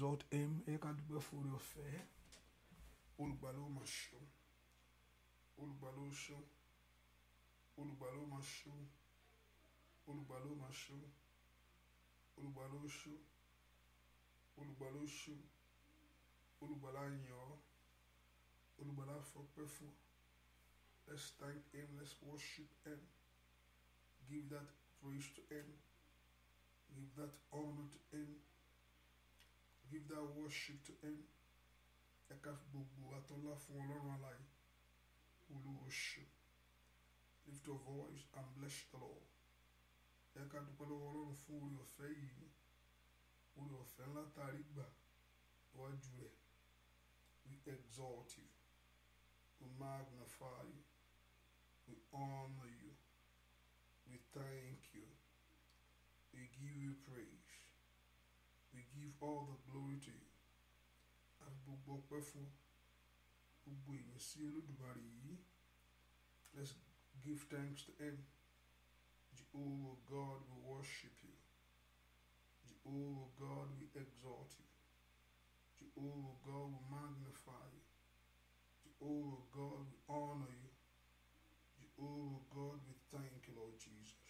exalt him ẹ ká dúpẹ́ fún orí ọ̀fẹ́ olùgbàlà ó máa ṣeun olùgbàlà ó ṣeun olùgbàlà ó máa ṣeun olùgbàlà ó máa ṣeun olùgbàlà ó ṣeun olùgbàlà let's thank him let's worship him give that praise to him give that honor to him. Give that worship to him. Ẹ ká fi gbogbo àtọ́lá fún Ọlọ́run aláyé. Olúwo ṣe. Lift your voice and bless the Lord. Ẹ ká dúpẹ́ lọ́wọ́ Ọlọ́run fún orí ọ̀fẹ́ yìí. Orí ọ̀fẹ́ ńlá tàrí gbà wájú rẹ̀. We exalt you. We magnify you. We honor you. We thank you. We give you praise. give all the glory to you àti gbogbo ọpẹ́ fún gbogbo si sí Olódùmarè yìí let's give thanks to him Jehovah God we worship you Jehovah God we exalt you Jehovah God we magnify you Jehovah God we honor you Jehovah God we thank you Lord Jesus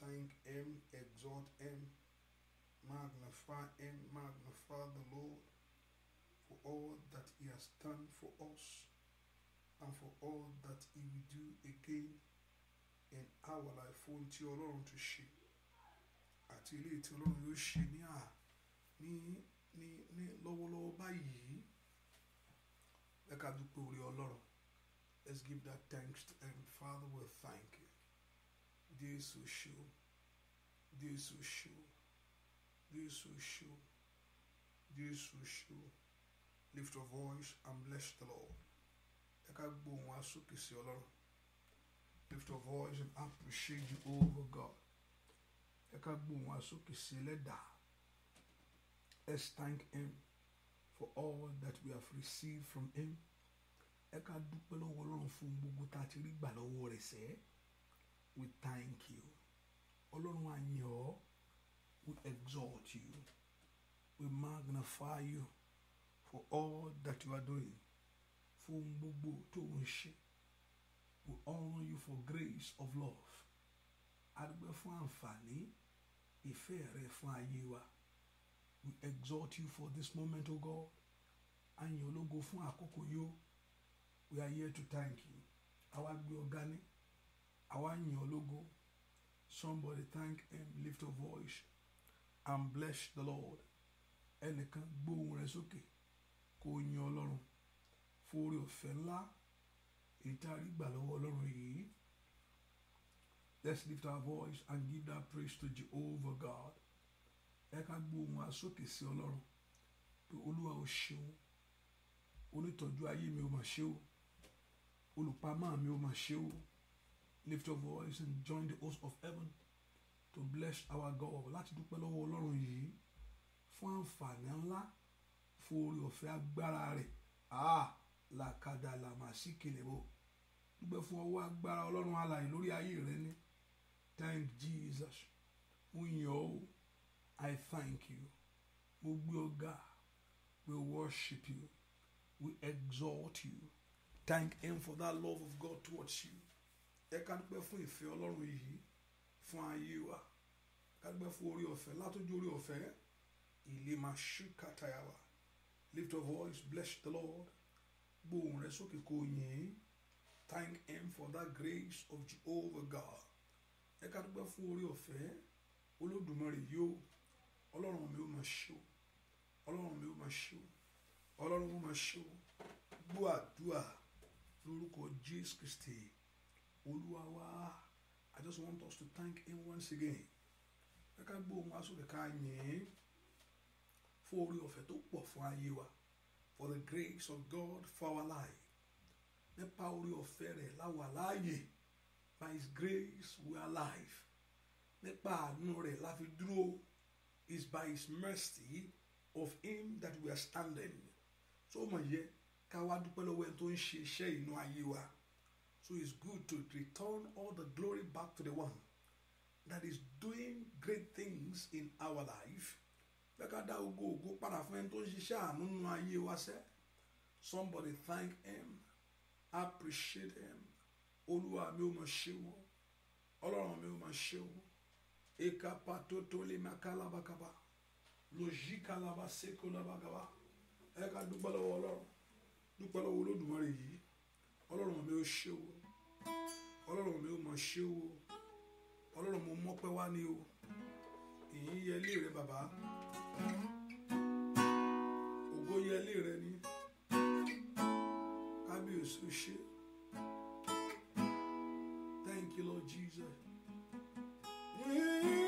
thank him exalt him magnify and magnify the Lord for all that he has done for us and for all that he will do again in our life For ti your Lord to ati àti ilé tí ọlọ́run yóò ṣe ní à ní ní ní lọ́wọ́lọ́wọ́ ọlọ́run let's give that thanks to him father we thank you This will show. This will show. This will show. This will show. Lift your voice and bless the Lord. Ẹ ká gbóhùn asókè sí Lift your voice and appreciate over God. Ẹ ká gbóhùn asókè sí Let's thank Him for all that we have received from Him. Ẹ ká dúpẹ́ lọ́wọ́ Ọlọ́run fún gbogbo tá ti rí gbà lọ́wọ́ rẹ̀ sẹ́. We thank you. Ọlọ́run á yìn ọ́. We exalt you. We magnify you for all that you are doing. We honor you for grace of love. We exalt you for this moment, O God. A yìn ológo fún àkókò We are here to thank you. Àwa gbé ọ̀gá ní. Àwa Somebody thank him, lift a voice and bless the Lord ẹnìkan gbóhùn rẹ sókè kó yin ọlọ́run fún orí ọ̀fẹ́ ńlá èyí tá a rí gbà lọ́wọ́ ọlọ́run yìí let's lift our voice and give that praise to Jehovah God ẹ ká gbóhùn wa sókè sí ọlọ́run pé olúwa ò ṣeun onítọ́jú ayé mi ò mà ṣe o olùpamọ́ mi ò mà ṣe o lift your voice and join the host of heaven to bless our God láti dúpẹ́ lọ́wọ́ ọlọ́run yìí fún àǹfààní ńlá fún orí ọ̀fẹ́ agbára rẹ̀ ah làkàdà làmásì kìlẹ̀bọ̀ dúpẹ́ fún ọwọ́ agbára ọlọ́run alàyè lórí ayé rẹ ní thank Jesus mo yàn ọ́ I thank you mo gbé ọ we worship you we exalt you thank him for that love of God towards you ẹ ká dúpẹ́ fún ìfẹ́ ọlọ́run yìí fún ayé wa kádúpẹ́ fún orí ọ̀fẹ́ látọjú orí ọ̀fẹ́ ìlímà ṣùkàtàyàwá lift your voice bless the lord gbóhùn rẹ sókè kò yìn thank him for that grace of jehovah god ẹ kádúpẹ́ fún orí ọ̀fẹ́ olódùmarè yóò ọlọ́run mi ò máa ṣó ọlọ́run mi ò máa ṣó ọlọ́run mi ò máa ṣó gbọ́ àdúrà lórúkọ jésù kristi olúwa wá. I just want us to thank Him once again. Ẹ ká gbọ́ ohùn asókè ká yìn ín fún orí ọ̀fẹ́ tó pọ̀ fún ayé wa for the grace of God for our life. Nípa orí ọ̀fẹ́ rẹ̀ láwa láàyè by His grace we are alive. Nípa àánú rẹ̀ la fi dúró is by His mercy of Him that we are standing. Tó mọ̀ yẹ ká wá dúpẹ́ lọ́wọ́ ẹ tó ń ṣe iṣẹ́ inú ayé wa. So it's good to return all the glory back to the one that is doing great things in our life. Bẹ́ẹ̀ka ogo ogo padà ẹni tó ń ṣiṣẹ́ àánú ayé wa sẹ́. Somebody thank him, appreciate him. Olúwa mi ò mọ̀ ṣe wọ́n. Ọlọ́run mi ò mọ̀ ṣe wọ́n. Eka pato lè máa kálábàkàbà. Lòjì kálábà sékò lábàkàbà. Ẹ̀ka dúpẹ́ lọ́wọ́ Ọlọ́run. Dúpẹ́ lọ́wọ́ Olódùmarè yìí. Ọlọ́run mi ò ṣe wọ́n ọlọ́run mi ò mọ̀ ṣé o ọlọ́run mo mọ́pẹ́ wá ní o ìyìn yẹ ilé rẹ bàbá ògo yẹ ilé rẹ ní kábíyèsí ṣe thank you lord jesus. Mm-hmm.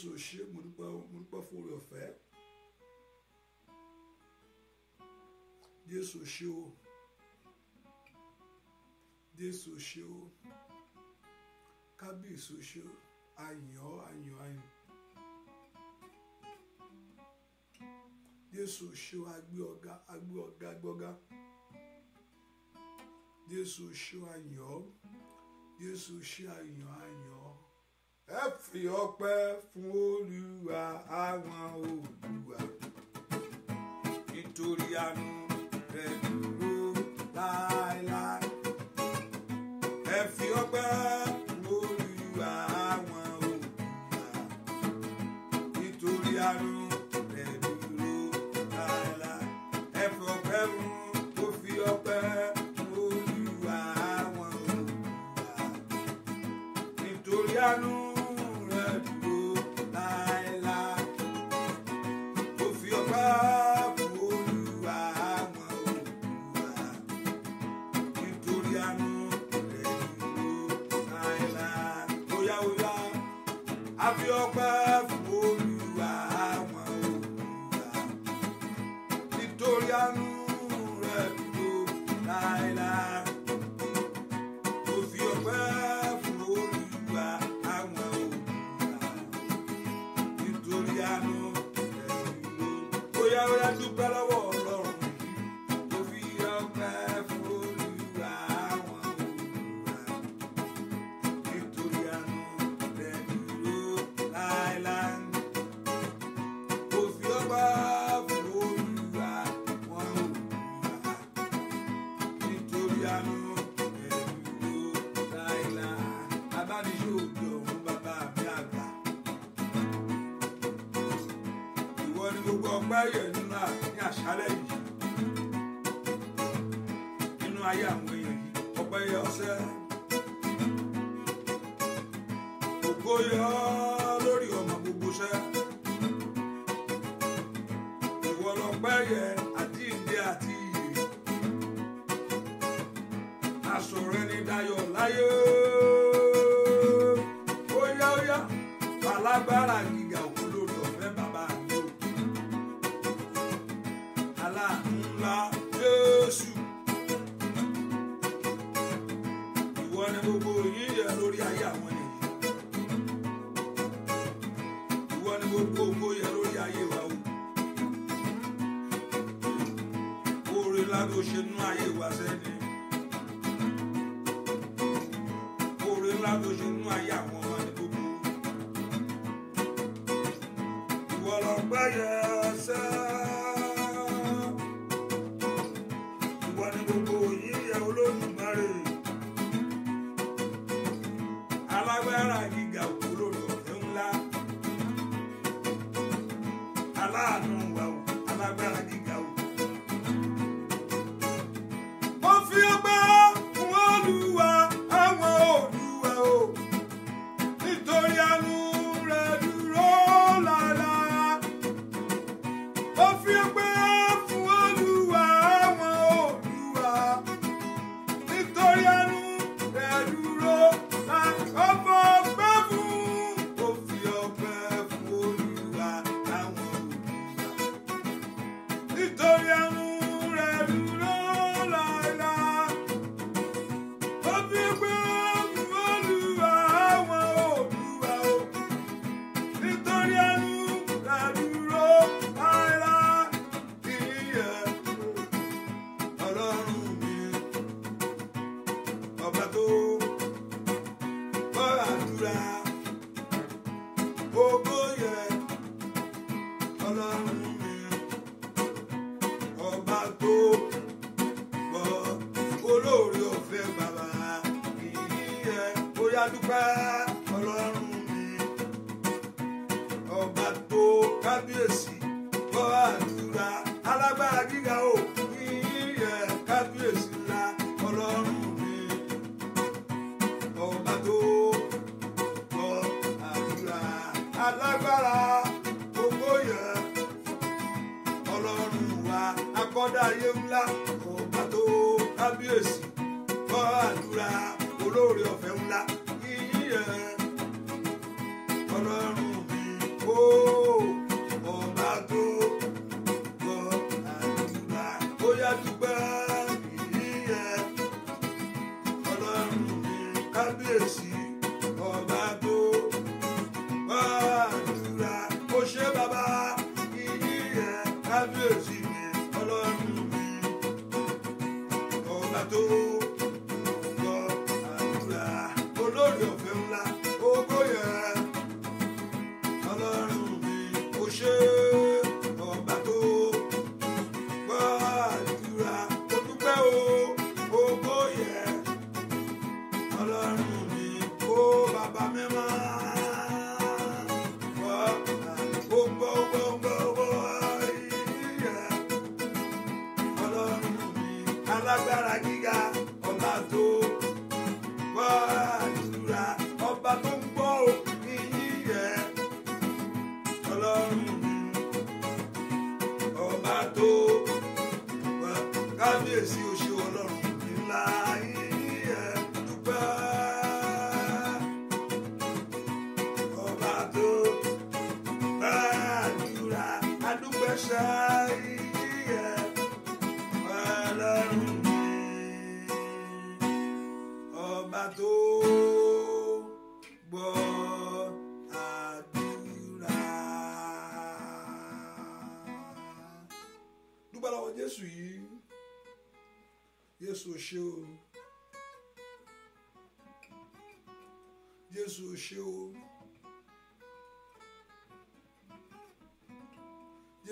jésù ṣe mo dúpẹ́ mo dúpẹ́ fún oore ọ̀fẹ́ jésù ṣe o jésù ṣe o kábíyèsí ṣe o ayọ̀ ayọ̀ ayọ̀ jésù ṣe o agbé ọ̀gá agbé ọ̀gá gbọ́gá jésù ṣe o ayọ̀ jésù ṣe ayọ̀ ayọ̀ ẹ fi ọpẹ́ fún olúwa àwọn olúwa nítorí àánú rẹ̀ dúró láéláé ẹ fi ọpẹ́. àsùnrin ní dayọ̀ láyé ó yá ó yá alágbára gíga òkú lórí ọ̀fẹ́ bàbá mi ò aláàlá Jésù ìwọ ni gbogbo yíyẹ lórí ayé àwọn ènìyàn ìwọ ni gbogbo ògbó yẹ lórí ayé wa o oore ládùn ṣe nú ayé wa sẹ́ni. my yam. alágbára gbogbo yẹn ọlọ́run wa akọ́dá ayé ńlá ọba tó kábíyèsí gbọ́ àdúrà olóore ọ̀fẹ́ wọn.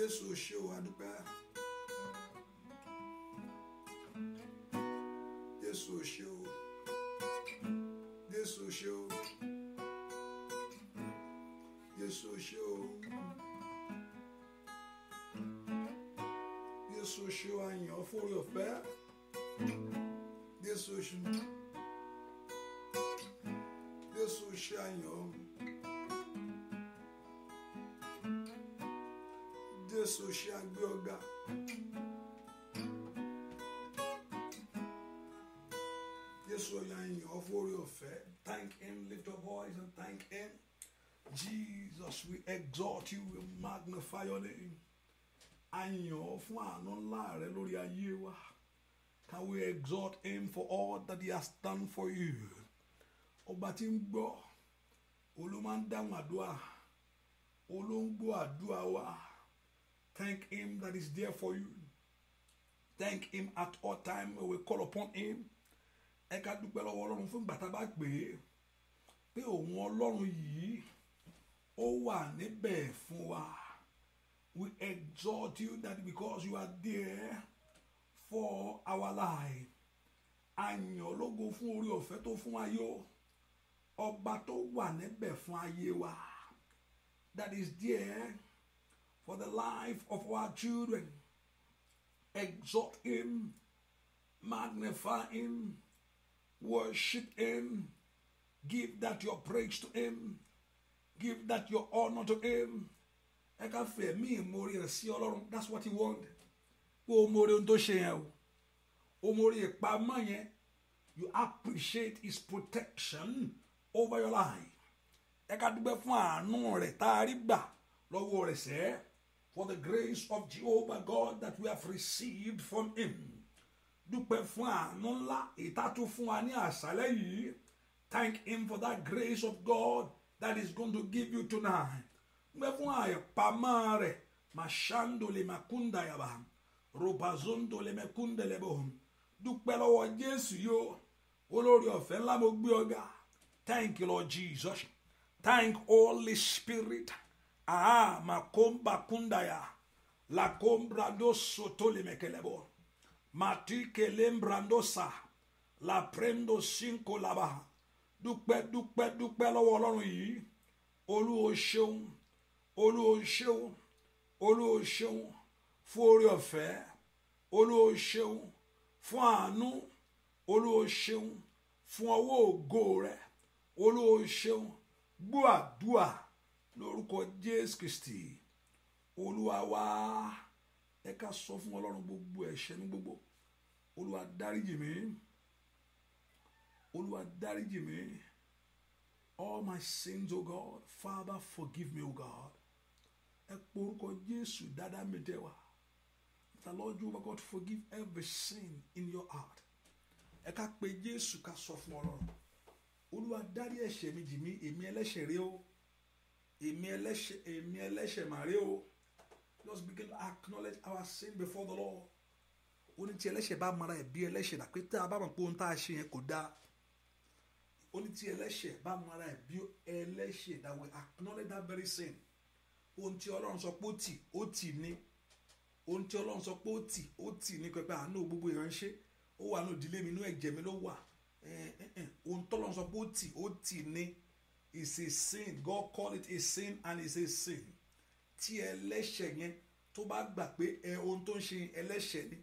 jésù ṣé o adúpẹ́ jésù ṣé o jésù ṣé o jésù ṣé o jésù ṣé o àyàn fúri ọ̀fẹ́ jésù ṣé jésù ṣé àyàn. jésù ṣe àgbé ọgbà. jésù ọ̀yà ìyàn ọ̀fọ̀ orí ọ̀fẹ́ thank him lift your voice and thank him jesus we exalt you we magnify your name àyàn fún àánú ńlá rẹ lórí ayé wa can we exalt him for all that he has done for you ọba tí ń gbọ́ olú máa ń dáhùn àdúrà olóńgbò àdúrà wa. Thank Him that is there for you. Thank Him at all time when we call upon Him. Ẹ ká dúpẹ́ lọ́wọ́ Ọlọ́run fún ìgbà bá pè pé òun Ọlọ́run yìí ó wà níbẹ̀ fún wa. We exalt you that because you are there for our life. Àyàn ológo fún orí ọ̀fẹ́ tó fún wa yóò. Ọba tó wà níbẹ̀ fún ayé wa. That is there for the life of our children. Exalt Him, magnify Him, worship Him, give that your praise to Him, give that your honor to Him. ẹ ká fẹ́ mori ìmoore rẹ̀ sí ọlọ́run that's what he want pé o moore ohun tó ṣe o o moore ìpamọ́ yẹn you appreciate his protection over your life ẹ ká dúpẹ́ fún àánú rẹ̀ tá a rí gbà lọ́wọ́ rẹ̀ for the grace of Jehovah God that we have received from him. Dúpẹ́ fún àánú ńlá ìtàtú fún wa ní àṣálẹ́ yìí. Thank him for that grace of God that is going to give you tonight. Dúpẹ́ fún àyẹ̀pamọ́ rẹ̀ màṣándòlè màkúndà yàbá ròbàzóńdòlè Dúpẹ́ lọ́wọ́ Jésù yóò olórí ọ̀fẹ́ ńlá mo gbé ọ̀gá. Thank you Lord Jesus. Thank Holy Spirit. Ah, makomba kundaya. La mati sotolemekelebo. lembrando sa, La prendo cinco laba. Dúpẹ́ dúpẹ́ dúpẹ́ lọ́wọ́ Ọlọ́run yìí. Olúwo ṣeun. Olúwo ṣeun. Olúwo ṣeun. Fún orí ọ̀fẹ́. Olúwo ṣeun. Fún àánú. Olúwo ṣeun. Fún ọwọ́ ògo rẹ̀. Olúwo ṣeun. Gbọ́ àdúà lórúkọ jésù kristi olúwa wa ẹ ká sọ fún ọlọ́run gbogbo ẹ̀ṣẹ̀ mi gbogbo olúwa dáríjì mi olúwa dáríjì mi all my sins o god father forgive me o god ẹ pé orúkọ jésù dáadáa mi tẹ wá the lord jehovah god forgive every sin in your heart ẹ ká pe jésù ká sọ fún ọlọ́run olúwa dárí ẹ̀ṣẹ̀ mi jì mí èmi ẹlẹ́ṣẹ̀ rẹ o èmi ẹlẹ́ṣẹ̀ èmi ẹlẹ́ṣẹ̀ màrí o just begin to acknowledge our sin before the Lord ó ní tí ẹlẹ́ṣẹ̀ bá mara ẹ̀ bí ẹlẹ́ṣẹ̀ dà pé tá a bá mọ̀ pé ohun tá a ṣe yẹn kò dáa ó ní ẹlẹ́ṣẹ̀ bá mara ẹ̀ bí ẹlẹ́ṣẹ̀ dà we acknowledge that very sin ohun tí Ọlọ́run sọ pé ó tì ó tì ní ohun tí Ọlọ́run sọ pé ó tì ó tì ní pẹpẹ àánú gbogbo ìránṣẹ́ ó wà ní òdílé mi inú ẹ̀jẹ̀ mi ló wà ohun tí sọ pé ó tì ó tì ní it's a sin God call it a sin and it's a sin tí ẹlẹ́ṣẹ̀ yẹn tó bá gbà pé ẹ ohun tó ń ṣe ẹlẹ́ṣẹ̀ ni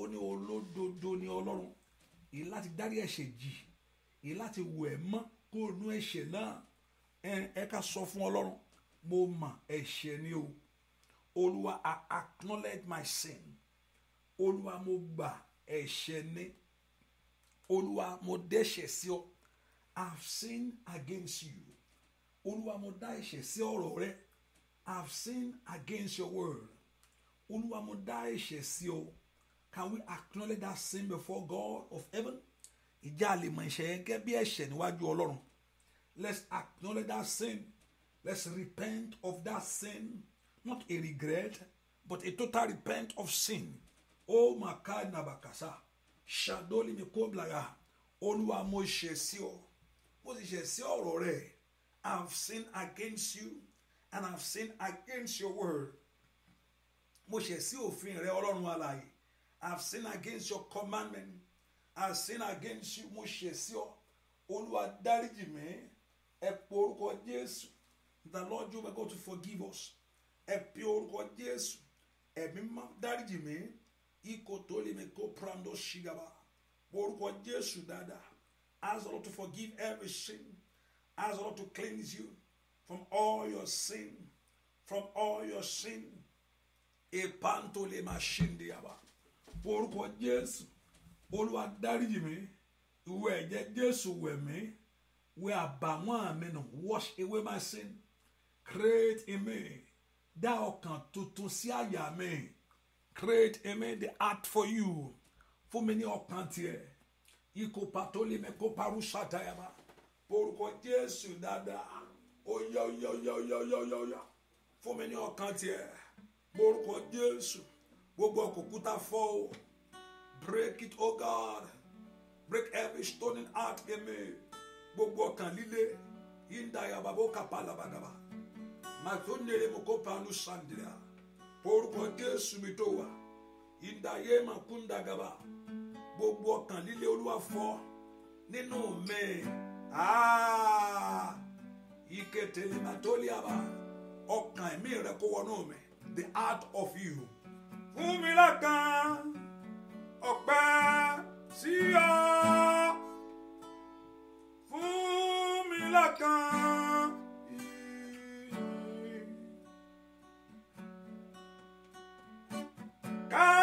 ó ní olódodo ní ọlọ́run èyí láti dárí ẹ̀ṣẹ̀ jì èyí láti wò ẹ́ mọ́ kó nú ẹ̀ṣẹ̀ náà ẹ ká sọ fún ọlọ́run mo mà ẹ̀ṣẹ̀ ni o olúwa I acknowledge my sin olúwa mo gbà ẹ̀ṣẹ̀ ni olúwa mo dẹ́ṣẹ̀ sí ọ have sinned against you olúwa mo dá ẹ̀ṣẹ̀ sí ọ̀rọ̀ rẹ have sinned against your word olúwa mo dá ẹ̀ṣẹ̀ sí ọ can we acknowledge that sin before God of heaven ìjà lè mọ ìṣẹ̀ yẹn bí ẹ̀ṣẹ̀ níwájú ọlọ́run let's acknowledge that sin let's repent of that sin not a regret but a total repent of sin ó màkà nàbàkàsà ṣàdólì mi kó blaga, olúwa mo ṣẹ̀ sí ọ ó sì ṣẹ̀ sí ọ̀rọ̀ rẹ̀ I have sinned against you and I've have sinned against your word mo ṣẹ̀ sí òfin rẹ ọlọ́run alààyè I have sinned against your commandment I've have sinned against you mo ṣẹ̀ sí ọ olúwa dáríjì mi ẹ pe orúkọ jésù the lord you may go to forgive us ẹ pe orúkọ jésù ẹ̀mí má dáríjì mi ikọ̀ mi kó prando ṣìgàbà orúkọ jésù dáadáa Ask the Lord to forgive every sin. Ask the Lord to cleanse you from all your sin. From all your sin. Epanto le mashindi yaba. Orúkọ Jésù. Olúwa dáríjì mi. Ìwẹ̀ ẹ̀jẹ̀ Jésù wẹ̀ mí. Wẹ̀ àbàwọ́n mi nù. Wash away my sin. Create in me. Dá ọkàn tuntun sí àyà mi. Create in me the art for you. Fún mi ní ọkàn tiẹ̀ ikopatolime koparusatayama orúkọ jésù dáadáa oyá oyá oyá oyá oyá oyá oyá fún mi ní ọkàn tiẹ̀ orúkọ jésù gbogbo ọkùnkúta fọ́ o break it oh god break every stone in heart in me gbogbo ọkàn líle yíndayaba bó kapa labadaba màtónere mo kó panu sandria orúkọ jésù mi tó wà yíndayé màkúndagaba gbogbo ọkàn líle olúwa fọ́ nínú mi ah, ìkẹtẹlẹmàtọlẹàbà ọkàn ẹ̀mí rẹ kó wọnú mi the heart of you. fún mi lọ́kàn ọpẹ́ sí ọ fún mi lọ́kàn. Ká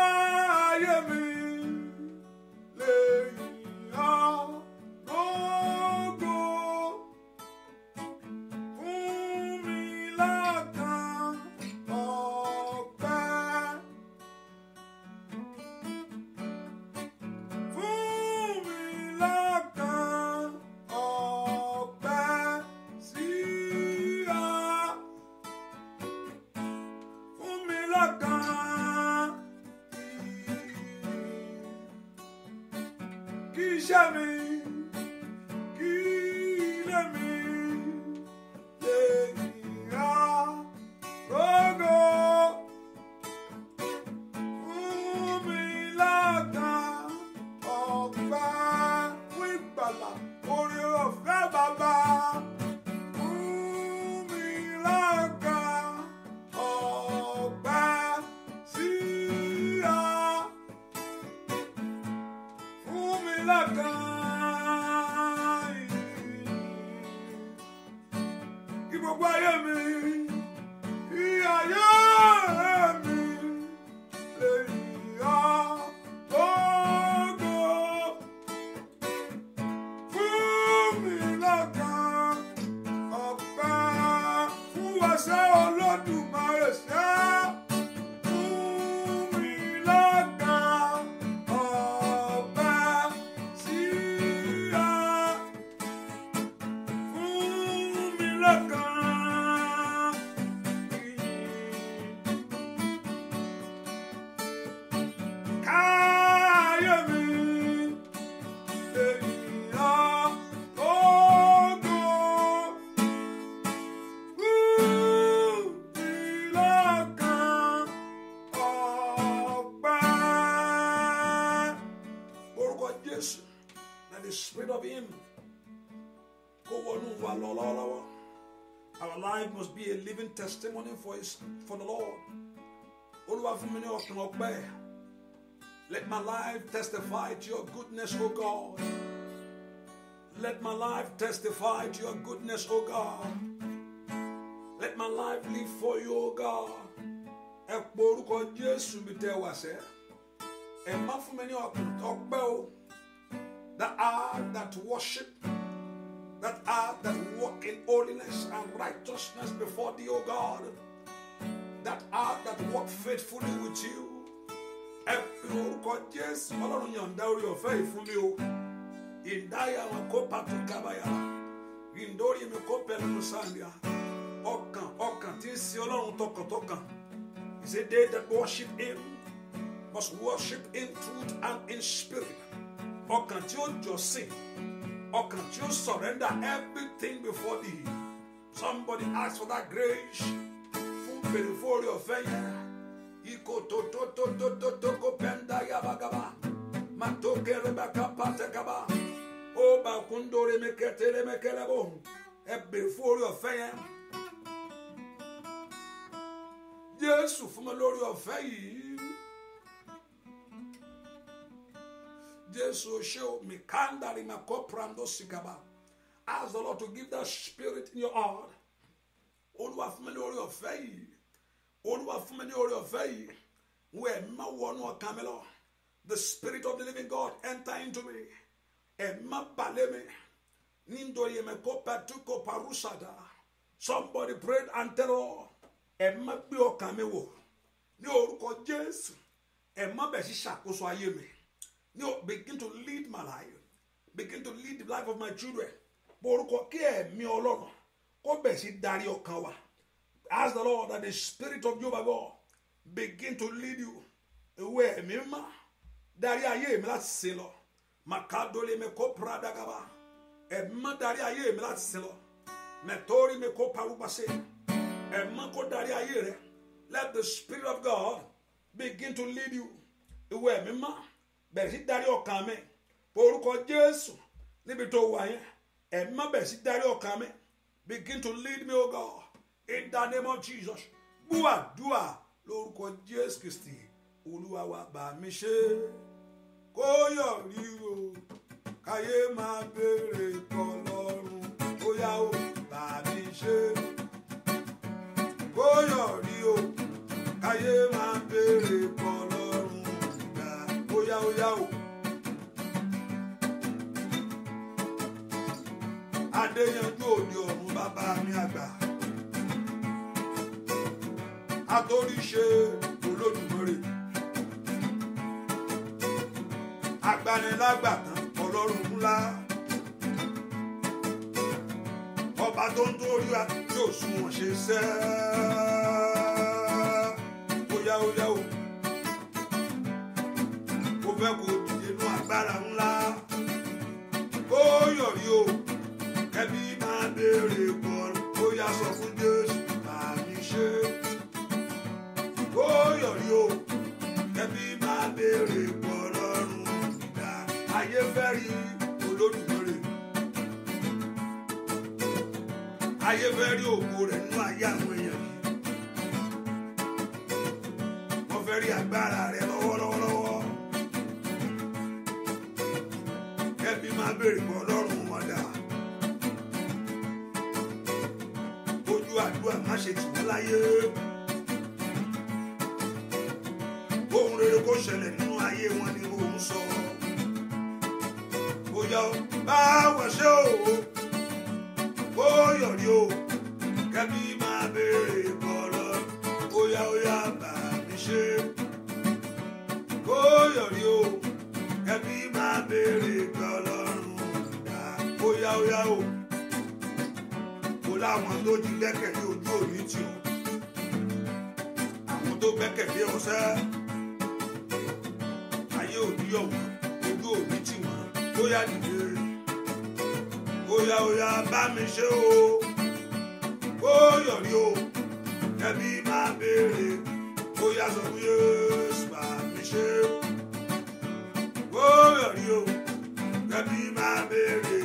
testimony for, his, for the Lord. Olúwa fún mi ní ọ̀sán ọpẹ́. Let my life testify to your goodness, O God. Let my life testify to your goodness, O God. Let my life live for you, O God. Ẹ ko Jesus Jésù mi tẹ wá sẹ́. Ẹ má fún mi ní ọ̀pẹ́ The art that worship that are that walk in holiness and righteousness before thee, O God, that are that walk faithfully with you. Ẹ fi orúkọ Jésù Ọlọ́run yàǹda orí ọ̀fẹ́ yìí fún mi o. Ìdáyà wọn kó to kábàyà. Ìdórí mi kó pẹ̀lú Mùsàlìyà. Ọkàn ọkàn tí ń sin Ọlọ́run tọkàntọkàn. Is a day that worship him must worship in truth and in spirit. Ọkàn tí just jọ Orchard, you surrender everything before thee. Somebody ask for that grace. Fún before your yẹn. Iko to to to to to to ko penda yabagaba. Matoke rebaka patekaba. O ba kundore mekete re bo. Ẹ before your orí ọ̀fẹ́ yẹn. lórí Jesus show Jesu Sheo Mikandari Makoprando Sikaba. Ask the Lord to give that spirit in your heart. Olúwa fún mi ní orí ọ̀fẹ́ yìí. Olúwa fún mi ní orí ọ̀fẹ́ yìí. Wọ́n ẹ̀ma The spirit of the living God enter into me. Ẹ̀ma balẹ̀ mi. Nítorí ẹ̀mẹ̀ kó pẹ̀tù kó parúṣàdá. Somebody prayed and tell all. Ẹ̀ma gbé ọkàn mi wò. Ní orúkọ Jésù. Ẹ̀ma bẹ̀ sí ṣàkóso ayé mi you begin to lead my life begin to lead the life of my children borúkọ kí ẹ̀mí ọlọ́run kó bẹ̀ sí darí ọkàn wa ask the lord that the spirit of jehovah god begin to lead you ìwé ẹ̀mí mọ́ darí ayé mi láti sin lọ màkàdólé mi kó pradagaba ẹ̀mí mọ́ darí ayé mi láti sin lọ mẹ̀tọ́rí mi kó parúgbàṣe ẹ̀mí mọ́ kó darí ayé rẹ let the spirit of god begin to lead you ìwé ẹ̀mí mọ́ bẹ̀rẹ̀ sí darí ọkàn mi orúkọ jésù níbi tó wà yẹn ẹ̀mí má bẹ̀rẹ̀ sí darí ọkàn mi begin to lead me o god in the name of jesus gbúwàdúà lórúkọ jésù kristi olúwa wa bá mi ṣe kó yọrí o káyé máa béèrè kọ́ lọ́rùn bóyá o bá mi ṣe kó yọrí o káyé máa béèrè kọ́ yá ó yá ó. Adéyanjú òde ọ̀run bàbá mi àgbà. Atóríṣe Olódùmarè. Agbanilágbàtàn ọlọ́run ńlá. Ọba tó ń dórí wa yóò sunwọ̀n ṣe sẹ́ẹ́. Ó yá ó yá ó fẹ́ kó dìde nú agbára ńlá ó yọrí o ẹbí máa béèrè pọ̀ ó yá sọ fún Jésù máa ní ṣe ó yọrí o ẹbí máa béèrè pọ̀ lọ́rùn ìgbà ayé fẹ́ rí olódùmọ̀rẹ́ ayé fẹ́ rí ògo rẹ̀ nínú ayé àwọn èèyàn yìí wọ́n fẹ́ agbára rẹ̀ lọ. béèrè fún ọlọ́run wọn dà ojú àdúrà má ṣe tì wọ́n láyé ohun rere kó ṣẹlẹ̀ nínú ayé wọn ni mò sọ bóyá bá wọ̀ ṣe o ó yọ̀rí o kẹ́bí. láwọn ló jí gbẹ́kẹ̀lé ojú òní tì ó àwọn tó gbẹ́kẹ̀lé ọ̀sẹ́ ayé òní ọ̀wọ́n ojú òní tì wọ́n bóyá dìde bóyá bóyá bá mi ṣe o ó yọrí o ẹbí máa béèrè bóyá sọ fún Jésù bá mi ṣe ó yọrí o ẹbí máa béèrè.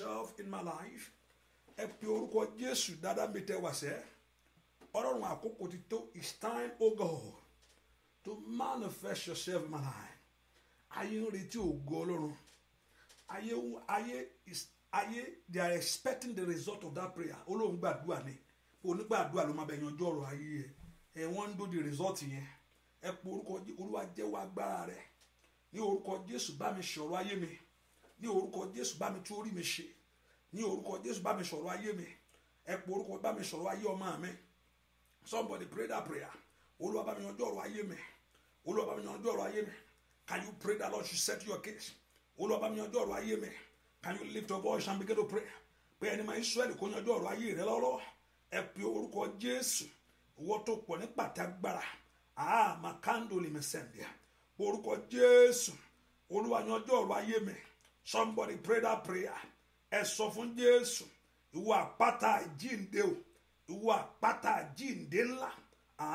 yourself in my life ẹ pe orúkọ Jésù dáadáa mi tẹ wá sẹ́ ọlọ́run àkókò ti tó it's time o oh God to manifest yourself in my life ayé ń retí ògo ọlọ́run ayé ayé ayé they are expecting the result of that prayer olóhùn gbàdúrà ni onígbàdúrà ló máa bẹ yanjú ọ̀rọ̀ ayé ẹ ẹ wọ́n ń do the result yẹn ẹ pe orúkọ olúwa jẹ́wọ́ agbára rẹ ní orúkọ Jésù bá mi sọ̀rọ̀ ayé mi ní orúkọ jésù bá mi tú orí mi ṣe ní orúkọ jésù bá mi sọ̀rọ̀ ayé mi ẹ orúkọ bá mi sọ̀rọ̀ ayé ọmọ mi somebody pray that prayer olúwa bá mi yanjú ọ̀rọ̀ ayé mi olúwa bá mi yanjú ọ̀rọ̀ ayé mi can you pray that lord should set your case olúwa bá mi yanjú ọ̀rọ̀ ayé mi can you lift your voice and begin to pray pé ẹni máa israẹli kó yanjú ọ̀rọ̀ ayé rẹ lọ́rọ̀ ẹ orúkọ jésù ìwọ tó pọ̀ ní pàtàgbára àmàkàndó ah, lè mi sẹ̀ǹdẹ̀ orúkọ jésù olúwa yanjú ọ̀rọ̀ ayé mi somebody pray that prayer ẹ sọ fún jésù ìwọ àpáta àjínde o ìwọ àpáta àjínde ńlá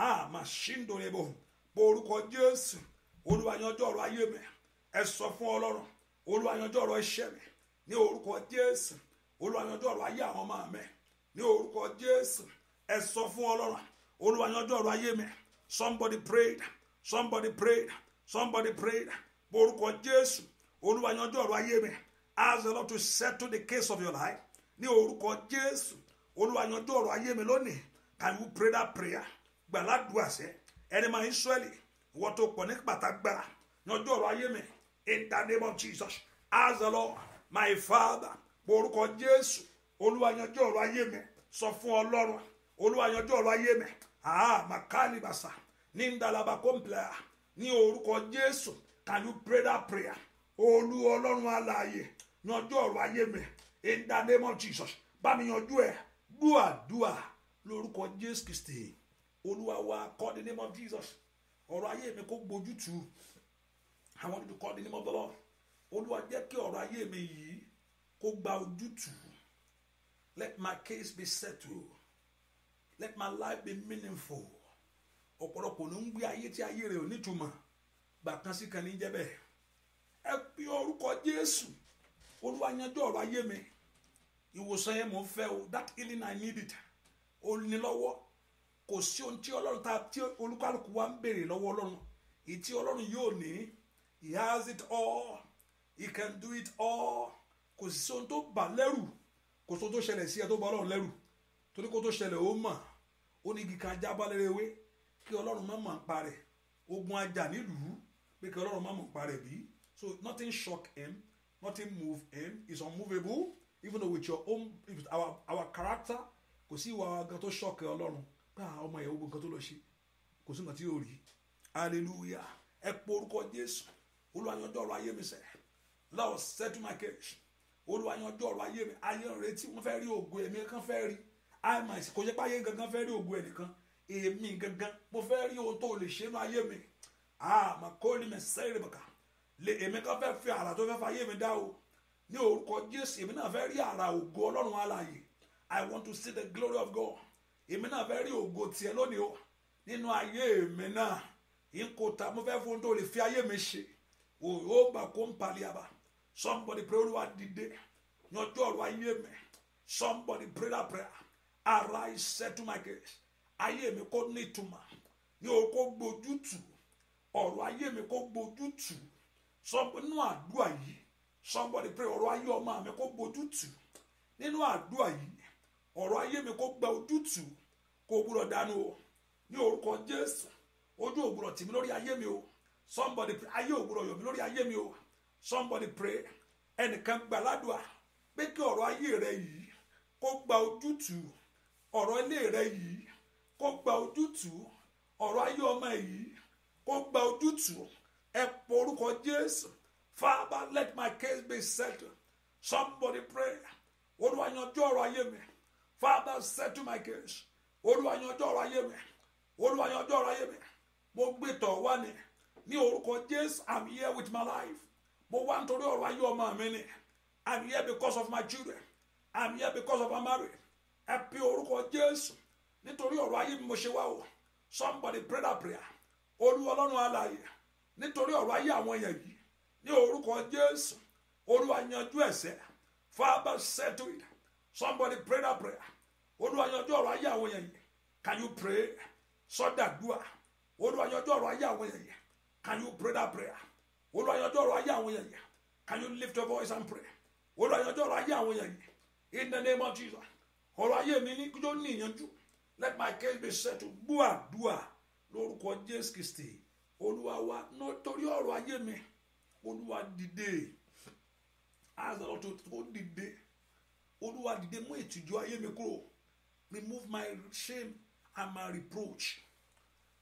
àá máa ṣíndò rẹ bò pé orúkọ jésù olùwàyànjọ́ ọ̀rọ̀ ayé mi ẹ sọ fún ọlọ́run olùwàyànjọ́ ọ̀rọ̀ iṣẹ́ mi ní orúkọ jésù olùwàyànjọ́ ọ̀rọ̀ ayé àwọn ọmọ mi ní orúkọ jésù ẹ fún ọlọ́run olùwàyànjọ́ ọ̀rọ̀ ayé mi somebody prayed somebody prayed somebody prayed pé orúkọ jésù olúwa yanjú ọ̀rọ̀ ayé mi ask the Lord to settle the case of your life ní orúkọ jésù olúwa yanjú ọ̀rọ̀ ayé mi lónìí can you pray that prayer gbàládùá sẹ ẹni máa ń sọ́ẹ̀lì wọ́n tó pọ̀ ní pàtàgbára yanjú ọ̀rọ̀ ayé mi in the name of jesus ask the Lord my father orúkọ jésù olúwa yanjú ọ̀rọ̀ ayé mi sọ fún ọlọ́run olúwa yanjú ọ̀rọ̀ ayé mi ah makalibasa ní ndalaba kọ́ńpìlà ní orúkọ jésù can you pray that prayer olú ọlọ́run alààyè yanjú ọ̀rọ̀ ayé mi in the name of Jesus bá mi yanjú ẹ̀ dúàdúà lórúkọ Jésù Kristi olúwa wa call the name of Jesus ọ̀rọ̀ ayé mi kó gbójútu I want to call the name of the Lord olúwa jẹ́ kí ọ̀rọ̀ ayé mi yìí kó gba ojútùú let my case be settled let my life be meaningful ọ̀pọ̀lọpọ̀ ló ń gbé ayé tí ayé rẹ̀ ò nítumọ̀ gbàkan sí kan ní jẹ́ bẹ́ẹ̀ ẹ pe orúkọ jésù olúwa yanjú ọ̀rọ̀ ayé mi ìwòsàn yẹn mò ń fẹ́ o that healing i needed it ó ní lọ́wọ́ kò sí ohun tí ọlọ́run ta tí olúkálùkù wa ń béèrè lọ́wọ́ ọlọ́run èyí tí ọlọ́run yóò ní he has it all he can do it all kò sí ohun tó bà lẹ́rù kò sí ohun tó ṣẹlẹ̀ sí ẹ tó bà ọlọ́run lẹ́rù torí kó tó ṣẹlẹ̀ ó mà ó ní igi ajá balẹ̀ kí ọlọ́run má mọ̀ ń parẹ́ ogun ajá nílùú pé kí ọlọ́run má mọ̀ ń parẹ́ bíi So nothing shock him, nothing move him. He's unmovable. Even though with your own, with our our character, kò sí ìwà gan tó shock Ọlọ́run pé àwọn ah, ọmọ ìyàwó gan tó lọ ṣe kò sí nǹkan tí yóò rí hallelujah ẹ pé orúkọ Jésù olùwàyànjọ ọ̀rọ̀ ayé mi sẹ lọ settle my case olùwàyànjọ ọ̀rọ̀ ayé mi ayé ń retí wọ́n fẹ́ rí ògo èmi kan fẹ́ rí àìmọ̀ kò jẹ́ pé ayé gangan fẹ́ rí ògo ẹnìkan èmi gangan mo fẹ́ rí ohun tó lè ṣe nínú ayé mi àmọ́ kó mẹsẹrẹ bàkà lè èmi kan fẹ́ fi àrà tó fẹ́ fayé mi dá o ní orúkọ Jésù èmi náà fẹ́ rí àrà ògo Ọlọ́run alààyè I want to see the glory of God èmi náà fẹ́ rí ògo tiẹ̀ lónìí o nínú ayé mi náà ìkòtà mo fẹ́ fún tó lè fi ayé mi ṣe òyò gbà kó ń palẹ̀ àbá somebody pray Olúwa dìde yanjú ọ̀rọ̀ ayé mi somebody pray that prayer arise settle my case ayé mi kò ní ìtumọ̀ ní o kò gbójútù ọ̀rọ̀ ayé mi kò gbójútù sọ pé nínú àdúrà yìí somebody pray ọ̀rọ̀ ayé ọmọ mi kó gbójútù nínú àdúrà yìí ọ̀rọ̀ ayé mi kó gba ojútù kó gbúdọ̀ dànù o ní orúkọ jésù ojú ògbúdọ̀ tì mí lórí ayé mi o somebody pray ayé ògbúdọ̀ yọ̀ mí lórí ayé mi o somebody pray ẹnìkan gbà ládùá pé kí ọ̀rọ̀ ayé rẹ yìí kó gba ojútù ọ̀rọ̀ ilé rẹ yìí kó gba ojútù ọ̀rọ̀ ayé ọmọ yìí kó gba ojútù ẹ porúkọ jésù father let my case be settled somebody pray olúwa yanjú ayé mi father settle my case olúwa yanjú ọ̀rọ̀ ayé mi olúwa yanjú ayé mi mo gbé tọ̀ wá ni ní orúkọ jésù i'm here with my life mo wá nítorí ọ̀rọ̀ ayé ọmọ mi ni i'm here because of my children i'm here because of my marriage ẹ pe orúkọ jésù nítorí ọ̀rọ̀ ayé mi mo ṣe wá o somebody pray that prayer olúwa ọlọ́run alààyè nítorí ọ̀rọ̀ ayé àwọn èèyàn yìí ní orúkọ jésù olúwa yanjú ẹ̀ṣẹ̀ father it somebody pray that prayer olúwa yanjú ọ̀rọ̀ ayé àwọn èèyàn yìí can you pray sọ́dàdúà olúwa yanjú ọ̀rọ̀ ayé àwọn èèyàn yìí can you pray that prayer olúwa yanjú ọ̀rọ̀ ayé àwọn èèyàn yìí can you lift your voice and pray olúwa yanjú ọ̀rọ̀ ayé àwọn èèyàn yìí in the name of jesus ọ̀rọ̀ ayé mi ni kí ló ní ìyanjú let my case be settled gbúàdúà lórúkọ jésù kristi olúwa wa torí ọ̀rọ̀ ayé mi olúwa dìde azọ̀rọ̀ tó tó dìde olúwa dìde mú ìtìjú ayé mi kúrò remove my shame and my reproach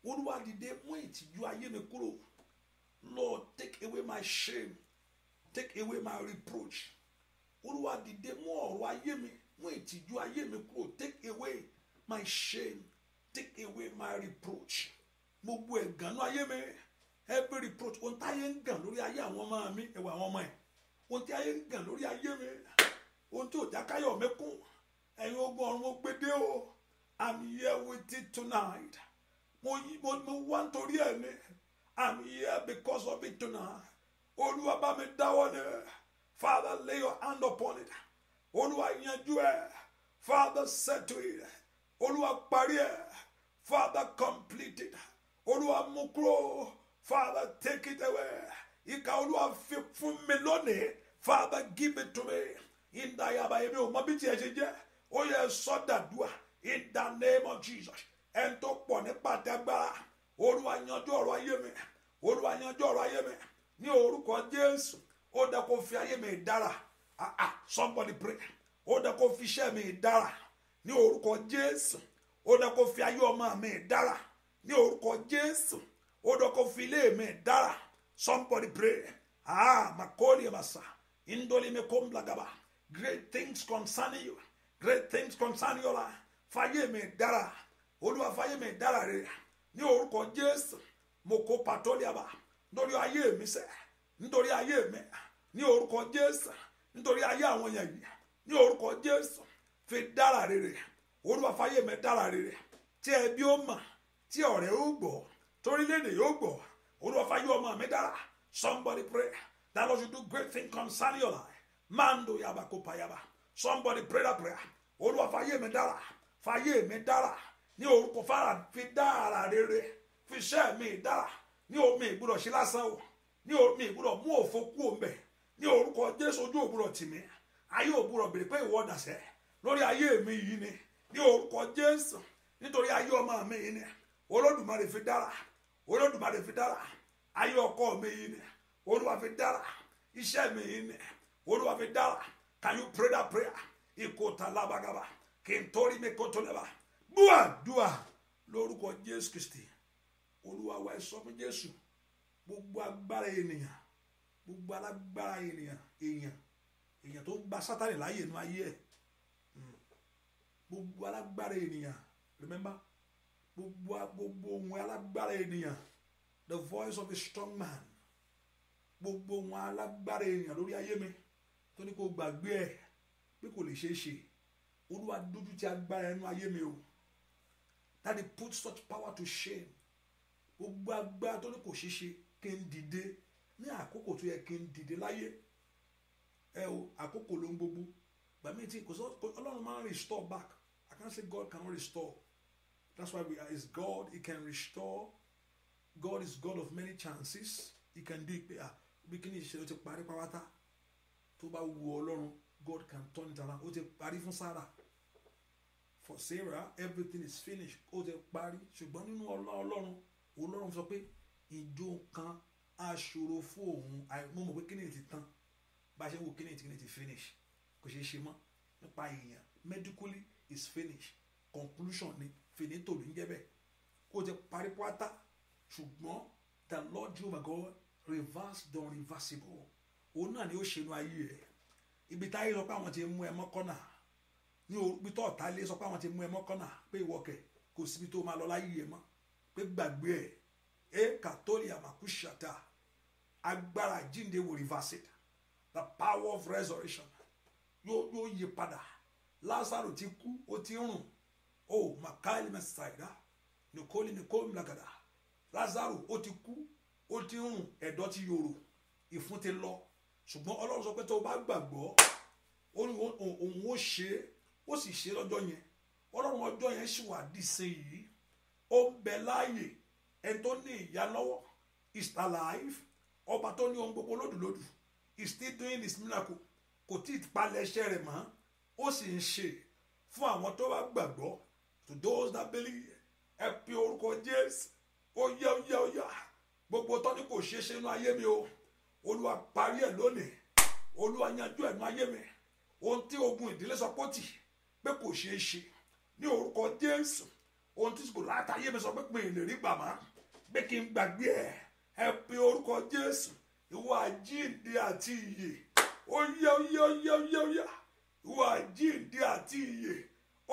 olúwa dìde mú ìtìjú ayé mi kúrò lord take away my shame take away my reproach olúwa dìde mú ọ̀rọ̀ ayé mi mú ìtìjú ayé mi kúrò take away my shame take away my reproach. gbogbo ẹ̀gàn náà ayé mi every reproach ohun táyé ń gàn lórí ayé àwọn ọmọ mi ẹ̀wọ̀ àwọn ọmọ ẹ̀ ohun tí ayé ń gàn lórí ayé mi ohun tí mi kún ẹ̀yin ogun o I'm here with you tonight mo mo mo wá nítorí ẹ̀ ni I'm here because of it tonight olúwa bá mi ni father lay your hand upon it olúwa yanjú ẹ̀ father settle it olúwa parí ẹ̀ father complete olúwa mú kúrò father take it away ìka olúwa fi fún mi lónìí father give it to me ìdáyàbá èmi ò mọ bí tiẹ̀ ṣe jẹ́ ó yẹ sọ́dàdúà in name of jesus ẹni tó pọ̀ ní pàtẹ́gbára olúwa yanjú ọ̀rọ̀ ayé mi olúwa yanjú ọ̀rọ̀ ayé mi ní orúkọ jésù ó dẹ kó fi ayé mi dára ah, ah, somebody pray ó dẹ kó fi iṣẹ́ mi dára ní orúkọ jésù ó dẹ kó fi ayé ọmọ mi dára. ní orúkọ jésù ó dọ́kọ̀ fi ilé mi dára somebody pray ah makoli masa indoli mi kom lagaba great things concerning you great things concerning your life fàyè mi dára olúwa fàyè mi dára rẹ ní orúkọ jésù mo kó patoli aba. nítorí ayé mi ṣẹ nítorí ayé mi ní orúkọ jésù nítorí ayé àwọn èèyàn yìí ní orúkọ jésù fi dára rere olúwa fàyè mi dára rere tí ẹbí ó mà tí ọ̀rẹ́ ó gbọ́ torílẹ̀ yóò gbọ́ Olúwa fà ọmọ mi dára somebody pray that Lord do great thing concerning your life yaba kó somebody pray that prayer yé mi dára mi dára ní orúkọ fara fi dára rere fi iṣẹ́ mi dára ní omi ìgbúdọ̀ ṣe lásán o ní omi Jésù ojú tìmí ayé pé ìwọ ayé mi yìí ni ní Jésù nítorí ayé ọmọ mi yìí ni olódùmarè fi dára olódùmarè fi dára ayé ọkọ mi yìí ni olúwa fi dára iṣẹ́ mi yìí ni olúwa fi dára can you pray that prayer ìkóta lábàgàbà kí n torí mi kó tó lẹ́bà dùà dùà lórúkọ jésù kristi olúwa wa ẹ sọ fún jésù gbogbo agbára ènìyàn gbogbo alágbára ènìyàn èèyàn èèyàn tó ń gba sátani láàyè inú ayé ẹ hmm. gbogbo alágbára ènìyàn remember gbogbo gbogbo ohun alágbára ènìyàn the voice of a strong man gbogbo ohun alágbára ènìyàn lórí ayé mi tó ní kó gbàgbé ẹ pé kò lè ṣeé ṣe olúwa dójú ti agbára ẹnu ayé mi o that they put such power to shame gbogbo agbára tó ní kò ṣeé ṣe kí n dìde ní àkókò tó yẹ kí n dìde láyé ẹ o àkókò ló ń gbogbo gbàmí tí kò sọ ọlọ́run máa ń restore back I can say God cannot restore That's why we are. Is God. He can restore. God is God of many chances. He can do it. Ah, bí kíni ìṣẹ̀lẹ̀ ti parí pàwátá tó bá wu Ọlọ́run God can turn it around. Ó ti parí fún Sarah. For Sarah everything is finished. Ó ti parí ṣùgbọ́n nínú Ọlọ́run Ọlọ́run sọ pé ìjó kan aṣòro fún òun mo mọ̀ pé kíni ti tán bá a ṣe ń wo kíni ti kíni ti finish kò ṣeé ṣe mọ́ nípa èèyàn medically is finished conclusion ni finito ló ń jẹ́ bẹ́ẹ̀ ó ti parí pátá ṣùgbọ́n the lord jehovah god reverse the reversible òun náà ni ó ṣe inú ayé rẹ̀ ibi táyé sọ pé àwọn ti mú ẹ mọ́kànnà ní ibi tó ọ̀tá lé sọ pé àwọn ti mú ẹ mọ́kànnà pé ìwọ́kẹ̀ kò síbi tó máa lọ láyé yẹn mọ́ pé gbàgbé ẹ̀ ẹ́ kàtólì àmàkúṣàtà agbára jíǹde will reverse it the power of resurrection yóò yóò yí padà Lásárù ti kú ó ti rùn o makali masaida nìkólé nìkólé mlagada Lazaru ó ti kú ó ti ń rùn ẹ̀dọ̀ ti yòrò ìfun ti lọ ṣùgbọ́n Ọlọ́run sọ pé tó o bá gbàgbọ́ òun ó ṣe é ó sì ṣe lọ́jọ́ yẹn Ọlọ́run ọjọ́ yẹn sì wà dìse yìí ó ń bẹ láàyè ẹni tó ní ìyá lọ́wọ́ is alive ọba tó ní ohun gbogbo lódùlódù is still doing His miracle kò tí ì palẹ̀ iṣẹ́ rẹ̀ mọ́ ó sì ń ṣe fún àwọn tó bá gbàgbọ́ to those that believe ẹ pe orúkọ Jésù ó yá ó yá ó yá gbogbo tọ́ni kò ṣeé ṣe inú ayé mi o olúwa parí ẹ̀ lónìí olúwa yanjú ẹ̀nu ayé mi ohun tí ogun ìdílé sọ pé tì pé kò ṣeé ṣe ní orúkọ Jésù ohun tí kò látàyè mi sọ pé pé ìlérí gbà má pé kí n gbàgbé ẹ ẹ orúkọ Jésù ìwà jíǹde àti ìyè ó yá ó yá ó yá ó yá ìwà jíǹde àti ìyè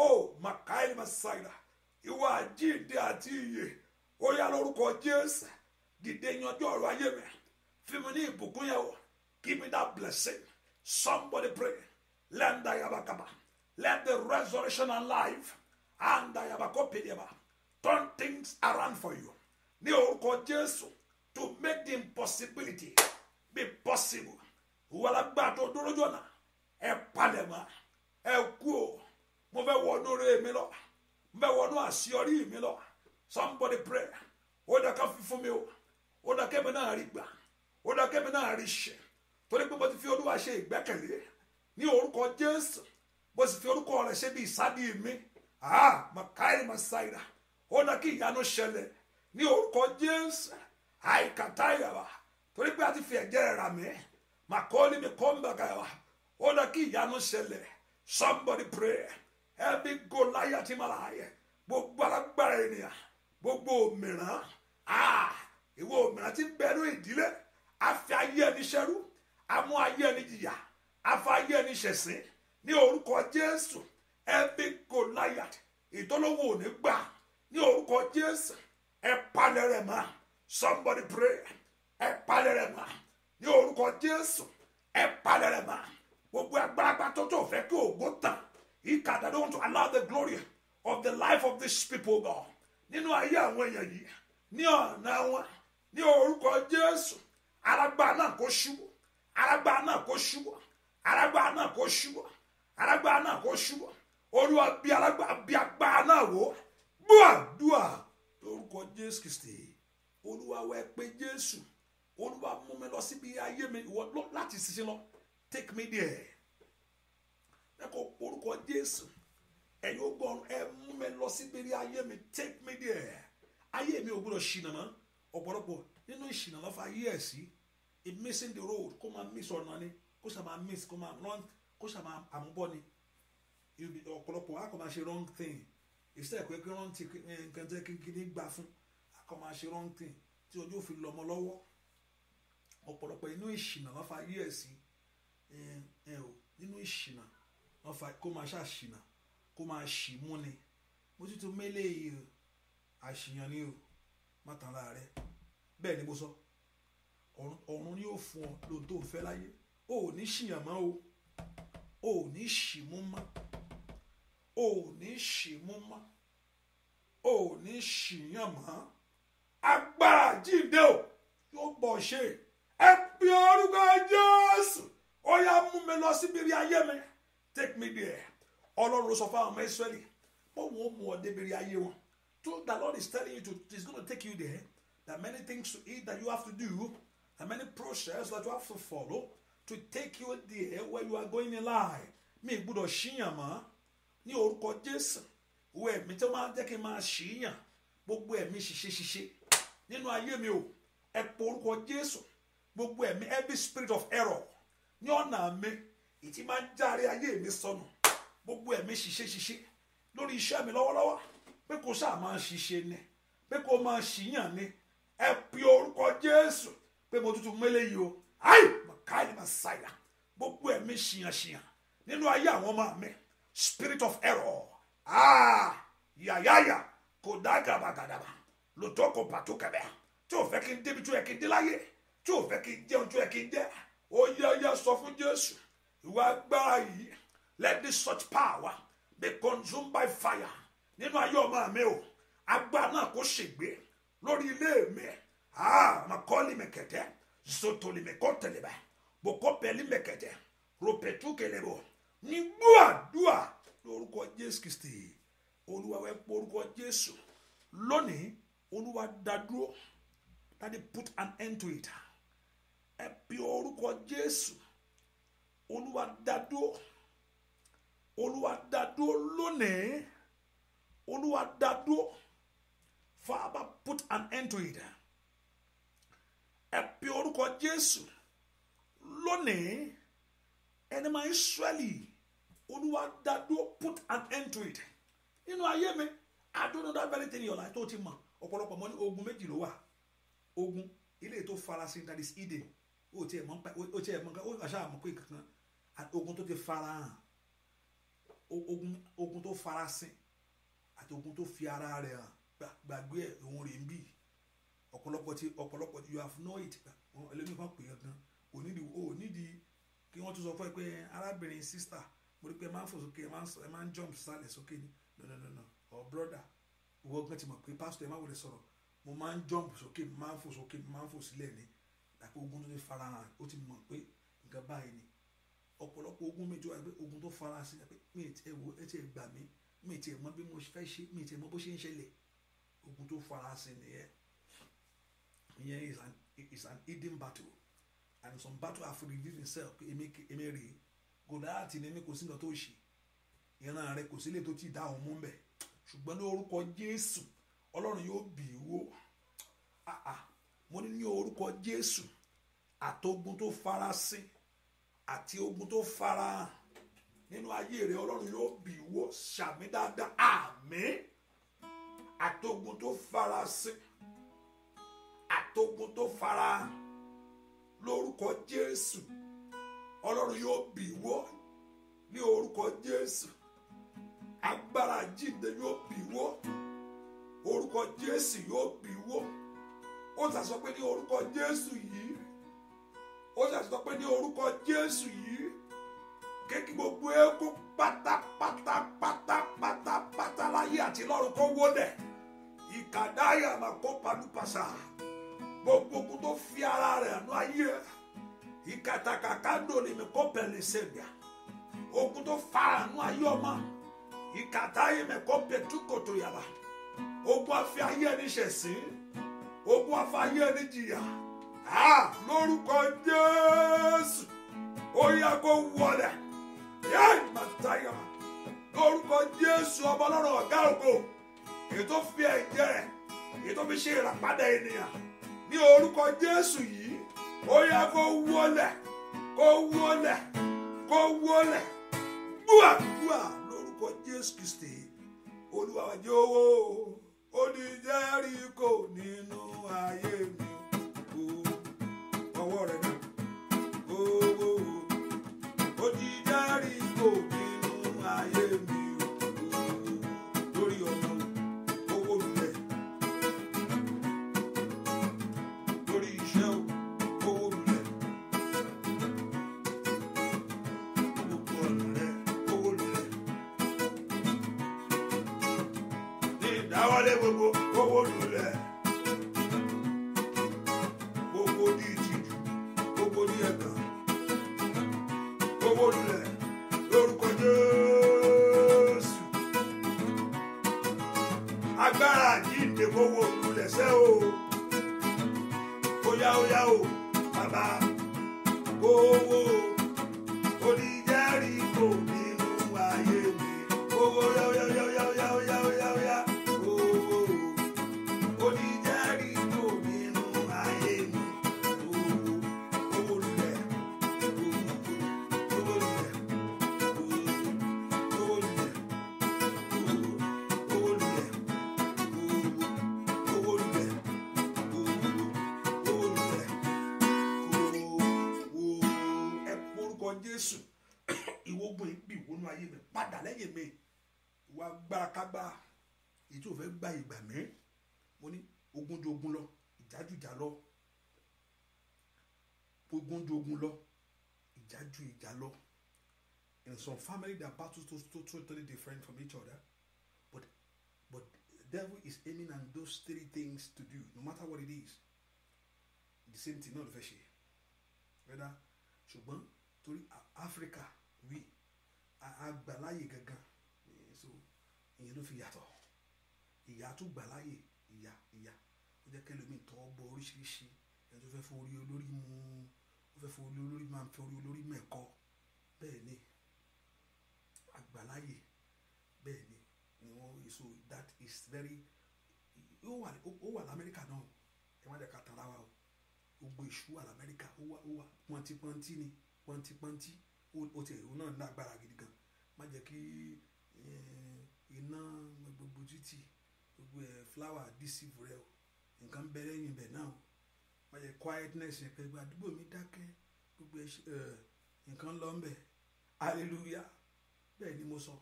o makael masaira ìwà àjíǹde àti iyè ó yá lórúkọ jésù dìde yanjú ọ̀rọ̀ ayé mi fi ní ìbùkún yẹn wò give me that blessing somebody pray lẹ́ńdà yabakaba let the resurrection and life àǹdà yabakọ́ pèdèbà turn things around for you ní orúkọ jésù to make the impossibility be possible ìwà alágbàtọ́ dúró jọ̀nà ẹ̀ palẹ̀mọ́ ẹ̀ kú o mo fẹ́ wọnú rẹ mi lọ mo fẹ́ wọnú àṣeyọrí mi lọ somebody pray ó dà ká mi o ó dà kẹ́mi náà rí gbà ó dà kẹ́mi náà rí ṣe torí pé mo ti fi olúwa ṣe ìgbẹ́kẹ̀lé ní orúkọ jésù mo sì fi orúkọ rẹ̀ ṣe bí ìsádi mi ah makai masaira ó dà kí ìyanu ṣẹlẹ̀ ní orúkọ jésù àìkàtàyàwá torí pé a ti fi ẹ̀jẹ̀ rẹ̀ rà mí màkọ́lì mi kọ́ ń bàgàyàwá ó dà ìyanu ṣẹlẹ̀ somebody pray ẹbí goliath ti máa láàyè gbogbo alágbára ènìyàn gbogbo òmìrán ah, ìwọ òmìrán ti bẹ̀rù ìdílé àfi ayé ẹni ṣẹrú amú ayé ẹni jìyà afa ayé ẹni ṣẹ̀sín ní orúkọ jésù ẹbí goliath ìtọ́lówó ò ní gbà ní orúkọ jésù ẹ palẹ̀ rẹ̀ mọ́ somebody pray ẹ palẹ̀ rẹ̀ mọ́ ní orúkọ jésù ẹ palẹ̀ rẹ̀ mọ́ gbogbo agbára tó tó fẹ́ kí ògbó tàn. He I don't allow the glory of the life of these people, God. Nínú ayé àwọn èèyàn yìí, ní ọ̀nà wọn, ní orúkọ Jésù, arágbá náà kó ṣubú, arágbá náà kó ṣubú, arágbá náà kó ṣubú, arágbá náà kó ṣubú, olúwa bí arágbá bí agbá náà wò, gbúà dúà lórúkọ Jésù Kristi, olúwa wẹ pé Jésù, olúwa mú mi lọ síbi ayé mi láti ṣiṣẹ́ lọ, take me there ẹ kò porúkọ jésù ẹ̀yin ó gbọ́n ẹ mú mi lọ síbèrè ayé mi take me there ayé mi ò gbọ́dọ̀ ṣìnà mọ́ ọ̀pọ̀lọpọ̀ nínú ìṣìnà lọ́fà ayé ẹ̀ sí it missing the road kó máa miss ọ̀nà ni kó sà miss kó máa run. kó sà máa àmúbọ̀ ni ọ̀pọ̀lọpọ̀ a kò máa ṣe wrong thing instead pé kí wọ́n ti eh, nǹkan tẹ́ kí ní gbà fún a kò máa ṣe wrong thing tí ojú òfin lọ ọmọ lọ́wọ́ ọ̀pọ̀lọpọ̀ nínú ìṣìnà lọ́fà ayé ẹ̀ sí eh, eh, nínú ìṣìnà wọ́n fa kó máa ṣàṣìnà kó máa ṣì mú ni mo ti tún mélé yìí o àṣìyàn ni o má tàn lára rẹ bẹ́ẹ̀ ni mo sọ ọ̀run ni ó fún ọ lóhun tó ń fẹ́ láyé o ò ní ṣìyàn mọ́ o o ò ní ṣì mú mọ́ o ò ní ṣì mú mọ́ o ò ní ṣìyàn mọ́ agbára jíǹde o yóò bọ̀ ṣe ẹ pé orúkọ Jésù ó yá mú mi lọ síbi ayé mi take me there ọlọ́run ló sọ fún àwọn ọmọ israẹli pé òun ó mú ayé wọn so the lord is telling you to he's gonna take you there there are many things to eat that you have to do there many process that you have to follow to take you there where you are going in life mi gbúdọ̀ ṣíyàn mọ́ ní orúkọ jésù ìwé ẹ̀mí tó máa jẹ́ kí n máa ṣíyàn gbogbo ẹ̀mí ṣiṣẹ́ ṣiṣẹ́ nínú ayé mi o ẹ pọ orúkọ jésù gbogbo ẹ̀mí every spirit of error ní ọ̀nà mi ìtì máa ń járe ayé mi sọnù gbogbo ẹ̀mí ṣiṣẹ́ ṣiṣẹ́ lórí iṣẹ́ mi lọ́wọ́lọ́wọ́ pé kò sáà máa ṣiṣẹ́ ni pé kò máa ṣìyàn ni ẹ pe orúkọ Jésù pé mo tuntun mélé yìí o ayi mọ̀káìlì máa ṣàyà gbogbo ẹ̀mí ṣìyàn ṣìyàn nínú ayé àwọn ọmọ mi spirit of error ah yàyàyà kò dá gàbàgàdàbà lòtọ́ kò pàtó kẹ̀bẹ́ tí ò fẹ́ kí n débi tó yẹ kí n dé láyé tí ò fẹ́ kí n jẹun tó yẹ kí n jẹ ó yẹ yẹ sọ fún Jésù ìwà let this such power be consumed by fire nínú ayé ọmọ mi o agbára náà kò ṣègbè lórí ilé mi àmàkọ́lì ah, mẹ̀kẹ̀tẹ̀ zòtòlì mẹ̀kọ́tẹ̀lẹ̀bà bòkọ́pẹ̀lì mẹ̀kẹ̀tẹ̀ rọ̀pẹ̀tùkẹ̀lẹ̀bọ̀ ní gbúàdúà lórúkọ jésù kristi olúwa wẹ́ pé orúkọ jésù lónìí olúwa dádúró that put an end to it ẹ pe orúkọ jésù olúwa dádúró olúwa dádúró lónìí olúwa dádúró father put an end to it ẹ pe orúkọ jésù lónìí ẹni máa ń sọ́ẹ̀lì olúwa put an end to it nínú ayé mi I don't know that very thing in your life tó ti mọ̀ ọ̀pọ̀lọpọ̀ mọ́ ní ogun méjì ló wà ogun ilé tó farasin that is hidden ó tiẹ̀ mọ̀ ó tiẹ̀ mọ̀ ó àṣà àmọ̀ pé kankan ogun tó ti fara hàn ogun ogun tó fara sin àti ogun tó fi ara rẹ̀ hàn gbàgbé ẹ̀ òun rè ń bì ọ̀pọ̀lọpọ̀ ti ọ̀pọ̀lọpọ̀ you have know it ẹlẹ́nu kan pè é gan kò nídìí o nídìí kí wọ́n tún sọ fún ẹ pé arábìnrin sísítà mo rí pé ẹ máa ń fò sókè ẹ máa ń jump sálẹ̀ sókè ni no no no no or brother ìwọ gan ti mọ̀ pé pásítọ̀ ẹ máa wọlé sọ̀rọ̀ mo máa ń jump sókè mo máa ń fò sókè mo máa ń fò sílẹ̀ ni dàpọ̀ ogun tó ti farahàn ó ti mọ̀ pé nǹkan báyìí ni ọ̀pọ̀lọpọ̀ ogun mi jọ pé ogun tó fara sí pé mi ti ẹ̀ wò ẹ ti ẹ̀ gbà mí mi ti ẹ̀ mọ bí mo fẹ́ ṣe mi ti ẹ̀ mọ bó ṣe ń ṣẹlẹ̀ ogun tó fara sí nìyẹn ìyẹn is an is an hidden battle and some battle have revealed itself pé èmi èmi rè é Gòdáàtì ni mi kò sí nǹkan tó ṣe ìran rẹ kò sí lè tó ti dá òun mú mbẹ ṣùgbọ́n ní orúkọ Jésù Ọlọ́run yóò bì í wò ah, ah. mo ní ní orúkọ Jésù àtogun tó fara sí àti ogun tó farahàn nínú ayé rẹ ọlọ́run yóò bì wọ́ sàmì dáadáa àmín àtogun tó farasin àtogun tó farahàn lórúkọ jésù ọlọ́run yóò bì wọ́ ní orúkọ jésù agbára jíǹde yóò bì wọ́ orúkọ jésù yóò bì wọ́ ó sà sọ pé ní orúkọ jésù yìí ó ṣàṣìṣọ pé ní orúkọ jésù yìí kékeré gbogbo eku pátápátá pátápátá pátá láyé àti lọ́run kó wó dẹ̀ ìkàdáyà máa kó palúpasà gbogbo kó tó fi ara rẹ̀ nú ayé ìkàtàkàkà dòlè mi kó pẹ̀lẹ́ sẹ́gbà ogun tó fara nú ayé ọmọ ìkàtáyé mi kó pẹ̀tú kòtò yàrá ogun afi ayé ẹni ṣẹ̀sín ogun afi ayé ẹni jìyà lórúkọ jésù óyá kó wọlẹ̀ yáì màtáyà lórúkọ jésù ọba ọlọ́run ọ̀gá ògo èyí tó fi ẹ̀jẹ̀ rẹ̀ èyí tó fi ṣe ìràpadà ènìyàn ní orúkọ jésù yìí óyá kó wọlẹ̀ kó wọlẹ̀ kó wọlẹ̀ gbúàgbúà lórúkọ jésù kristi olúwa jọ̀wọ́ ó ní Jẹ́ríkò nínú ayé mi ọwọ́ rẹ̀ náà. Owó òdìjà rí kò bí. agbára àjíǹde kó wo olùlẹ̀sẹ̀ o óyá óyá o bàbá kó wo o. Family that battles to, to, totally different from each other, but but devil is aiming at those three things to do, no matter what it is. The same thing Not ló fẹ́ whether ṣùgbọ́n torí Africa we agbàláyè gangan eh, so you ló fi yàtọ̀ ìyá tó gbàláyè ìyá ìyá ó jẹ́ kẹlòmíì tọ́ bọ oríṣiríṣi ẹni tó fẹ́ fọ orí olórí mu ó fẹ́ fọ orí olórí máa ń fẹ́ àgbàláyè bẹ́ẹ̀ ni ni wọ́n so that is very ó wà ó wà lamẹ́ríkà náà ẹ má jẹ́ ká tara wa o gbogbo ìṣú wà lamẹ́ríkà ó wà ó wà pọ́ntipọ́ntì ni pọ́ntipọ́ntì ó ti ẹ̀rọ náà lágbára gidi gan má jẹ́ kí iná gbogbo títì gbogbo ẹ̀ flower deceive rẹ o nǹkan bẹ lẹ́yìn bẹ̀ náà o má jẹ́ quietness yẹn pẹ̀lú àdúgbò mi dákẹ́ gbogbo ẹ̀ nǹkan lọ́nbẹ̀ hallelujah bẹ́ẹ̀ ni mo sọ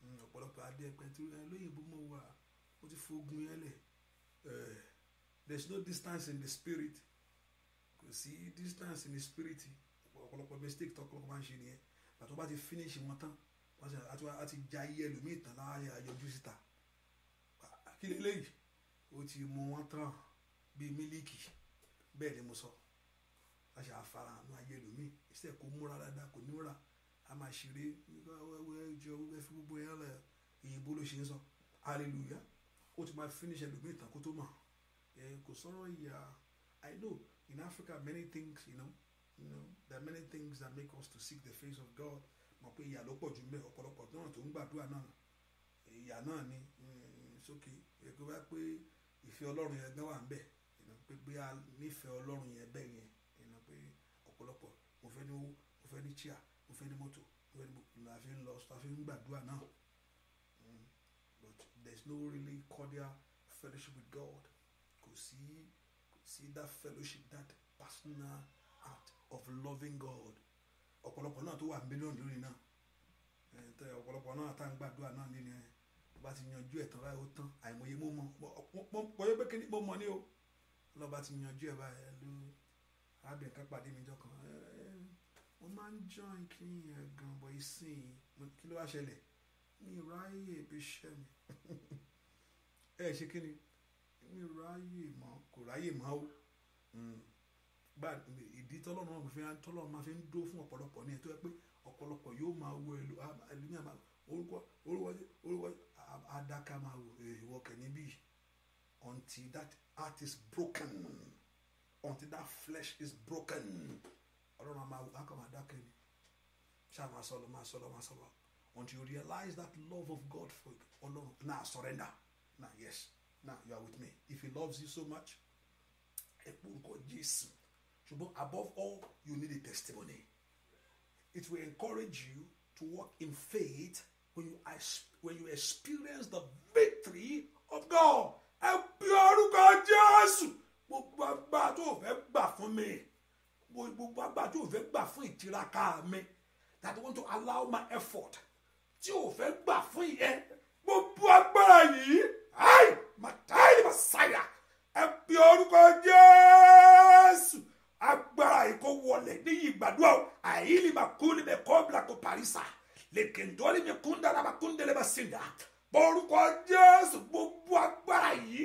hmm, ọ̀pọ̀lọpọ̀ adé ẹ̀pẹ́ tí lóyìnbó mo wà mo ti fogun yẹn lẹ̀ eh, there is no distance in the spirit kò sí distance in the spirit ọ̀pọ̀lọpọ̀ mistake tọ́kọ̀lọpọ̀ máa ń ṣe nìyẹn pàtó bá ti finish wọn tán a ti ja iye ẹlòmíì tán láàyè àyọjú síta kí lélẹ́yìí ó ti mú wọn tán bíi mílíkì bẹ́ẹ̀ ni mo sọ a àfarahàn ayé ẹlòmíì ìṣe kò múra dáadáa kò ní múra a máa ṣeré ẹjọ ẹ fi gbogbo ẹ lẹ ìyìnbó ló ṣe ń sọ hallelujah ó ti máa finish ẹlòmíì tán kó tó mọ̀ ẹ kò sọ̀rọ̀ ìyá I know in Africa many things you know you know there are many things that make us to seek the face of God mọ̀ pé ìyà ló pọ̀ jù mẹ́ ọ̀pọ̀lọpọ̀ náà tó ń gbàdúrà náà ìyà náà ni sókè ẹgbẹ́ wá pé ìfẹ́ Ọlọ́run yẹn gbẹ́ wà ń bẹ̀ pé bí a nífẹ̀ẹ́ Ọlọ́run yẹn bẹ́ẹ̀ yẹn pé ọ̀pọ̀lọpọ̀ mo fẹ́ ní owó mo fẹ́ ní mọ́tò mo fẹ́ ní mọ́tò la fi ń lọ la fi ń gbàdúrà náà mm. but there is no really cordial fellowship with God kò sí kò sí that fellowship that personal act of loving God ọ̀pọ̀lọpọ̀ náà tó wà mílíọ̀nù lórí náà ọ̀pọ̀lọpọ̀ náà tá à ń gbàdúrà náà nínú ẹ̀ bá ti yanjú ẹ̀ tán báyìí ó tán àìmọye mo mọ pọ̀yọ́ pé kíní mo mọ ní o lọ́ba ti yanjú ẹ̀ báyìí ló arábìnrin kan pàdé mi jọ kan ẹ̀ mo máa ń join kiri yẹn gan bọ̀ ìsìn kí ló wá ṣẹlẹ̀ mi ráyè ibi iṣẹ́ mi ẹ ṣe kí ni mi ráyè mọ́ kò ráyè mọ́ o hmm. gba ìdí tọ́lọ́run náà fi tọ́lọ́run máa fi ń dó fún ọ̀pọ̀lọpọ̀ ní ẹ̀ tó yẹ pé ọ̀pọ̀lọpọ̀ yóò máa wo èlò ẹlòmí àmà orúkọ orúkọ adaka máa wò ìwọ kẹ́ni bí until that heart is broken until that flesh is broken ọlọ́run máa wò akọ̀ máa dákẹ́ ni ṣáà máa sọ lọ máa sọ lọ máa sọ lọ until you realize that love of God for you ọlọ́run now surrender now yes now you are with me if he loves you so much ẹ pé orúkọ ṣùgbọ́n above all you need a testimony it will encourage you to walk in faith when you, when you experience the victory of God ẹ orúkọ Jésù gbogbo àgbà tó fẹ́ gbà fún mi gbogbo agbájú ò fẹ́ gbà fún ìtiraka mi that want to allow my effort tí ò fẹ́ gbà fún ìyẹn gbogbo agbára yìí ai màtáì màsáyà ẹ pe orúkọ jésù agbára yìí kó wọlé níyì gbàdúrà àyílì màkúlì mẹkọ́ bìlàkọ̀ pàrísà lèkèndọ́lì mẹkúndàlà màkúndẹ̀lẹ̀ màsíndà orúkọ jésù gbogbo agbára yìí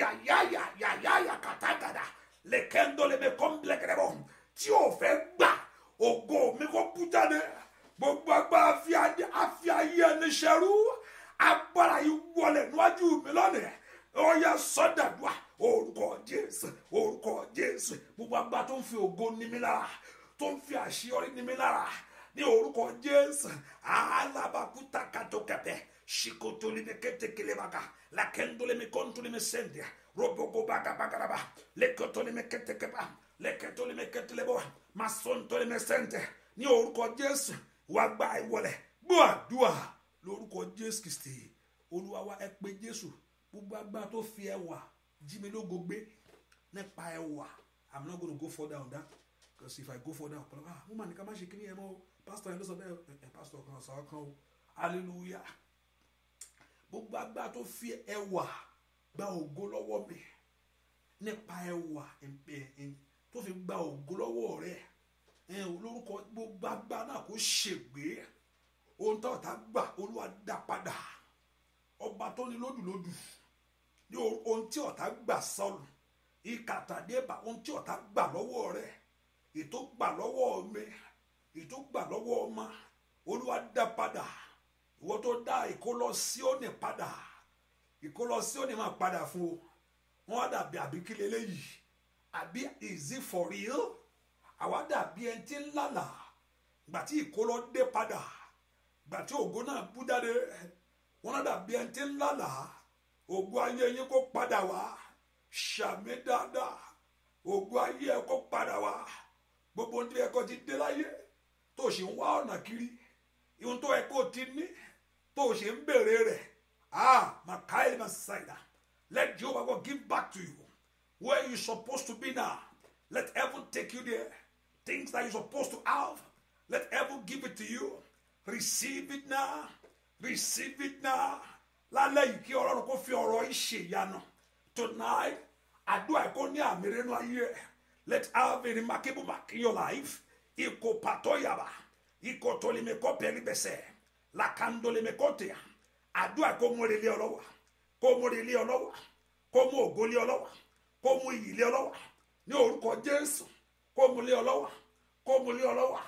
yàyàyà yàyàyà kàtàgàdà lèkèndọ́lì mẹkọ́ bìlẹ̀kẹ̀rẹ̀ bọ̀ tí ò fẹ́ gbà ògo mi kó kú jáde gbogbo agbára àfi ayé ẹni ṣẹrú agbára yìí wọlé níwájú mi lónìí ọyà sọdàdúà orúkọ Jésù orúkọ Jésù gbogbo agbára tó ń fi ògo ní mi lára tó ń fi àṣeyọrí ní mi lára ní orúkọ Jésù alábàkúta kàtókẹtẹ sikotolimi ketekelebaka lakendolimi kɔntolimi sɛndia robogo bagabagaba lekotolimi ketekeba lẹ́kẹ̀tọ́lẹ́mẹ́kẹ́tẹ́lẹ́bọ̀ masọ́ntọ́lẹ́mẹsẹ́ntẹ́ ní orúkọ jésù wàá gba ìwọlé gbọ́ àdúrà lórúkọ jésù kìsìtì olúwa wa jésù gbogbo agbára tó fi ẹwà jí gbé nípa ẹwà i'm not gonna go further on that because if i go further on ah mo mà ní ká má ṣe kíní ẹ mọ pastor yẹn ló sọ bẹ́ẹ̀ eh, eh, pastor kan sọ kan o hallelujah gbogbo agbára tó fi ẹwà gba ògo lọ́wọ́ mi nípa ẹwà tó fi gba ògo lọ́wọ́ rẹ̀ ẹ̀ olórúkọ gbogbo agbá náà kò ṣègbè ohun tó ta gbà olúwa dá padà ọba tó ní lódùlódù ní ohun tí ọ̀tá gbà sọlù ìkàtàdébà ohun tí ọ̀tá gbà lọ́wọ́ rẹ̀ ètò gbà lọ́wọ́ mi ètò gbà lọ́wọ́ ọmọ olúwa dá padà ìwọ tó dá ìkólọ Síónì padà ìkólọ Síónì máa padà fún wọn á dàbí àbíkí lélẹ́yìí àbí is it for real àwa dàbí ẹni tí ń lálà gbà tí ìkólọ dé padà gbà tí ògo náà bú jáde wọn dàbí ẹni tí ń lálà ògo ayé yín kó padà wá ṣàmì dáadáa ògo ayé ẹ kó padà wá gbogbo ohun tí ẹ kò ti dé láyé tó ń wá ọ̀nà kiri ihun tó ẹ kò ti ní tó sì ń béèrè rẹ̀ ah màkàí màsáìdá let Jehovah God give back to you where you're supposed to be now. Let heaven take you there. Things that you're supposed to have, let heaven give it to you. Receive it now. Receive it now. lálẹ́ yìí kí ọlọ́run kó fi ọ̀rọ̀ yìí ṣe ìyanu tonight àdúrà kó ní àmì rínú ayé ẹ̀ let have a remarkable mark in your life ikò pàtó yàrá ikò tolimekọ pẹlibẹsẹ lakandolimekọ tẹ àdúrà kó mú relé ọlọ́wà kó mú relé ọlọ́wà kó mú ògólé ọlọ́wà kó mu iyì lé ọlọ́wà ní orúkọ jésù kó mú lé ọlọ́wà kó mú lé ọlọ́wà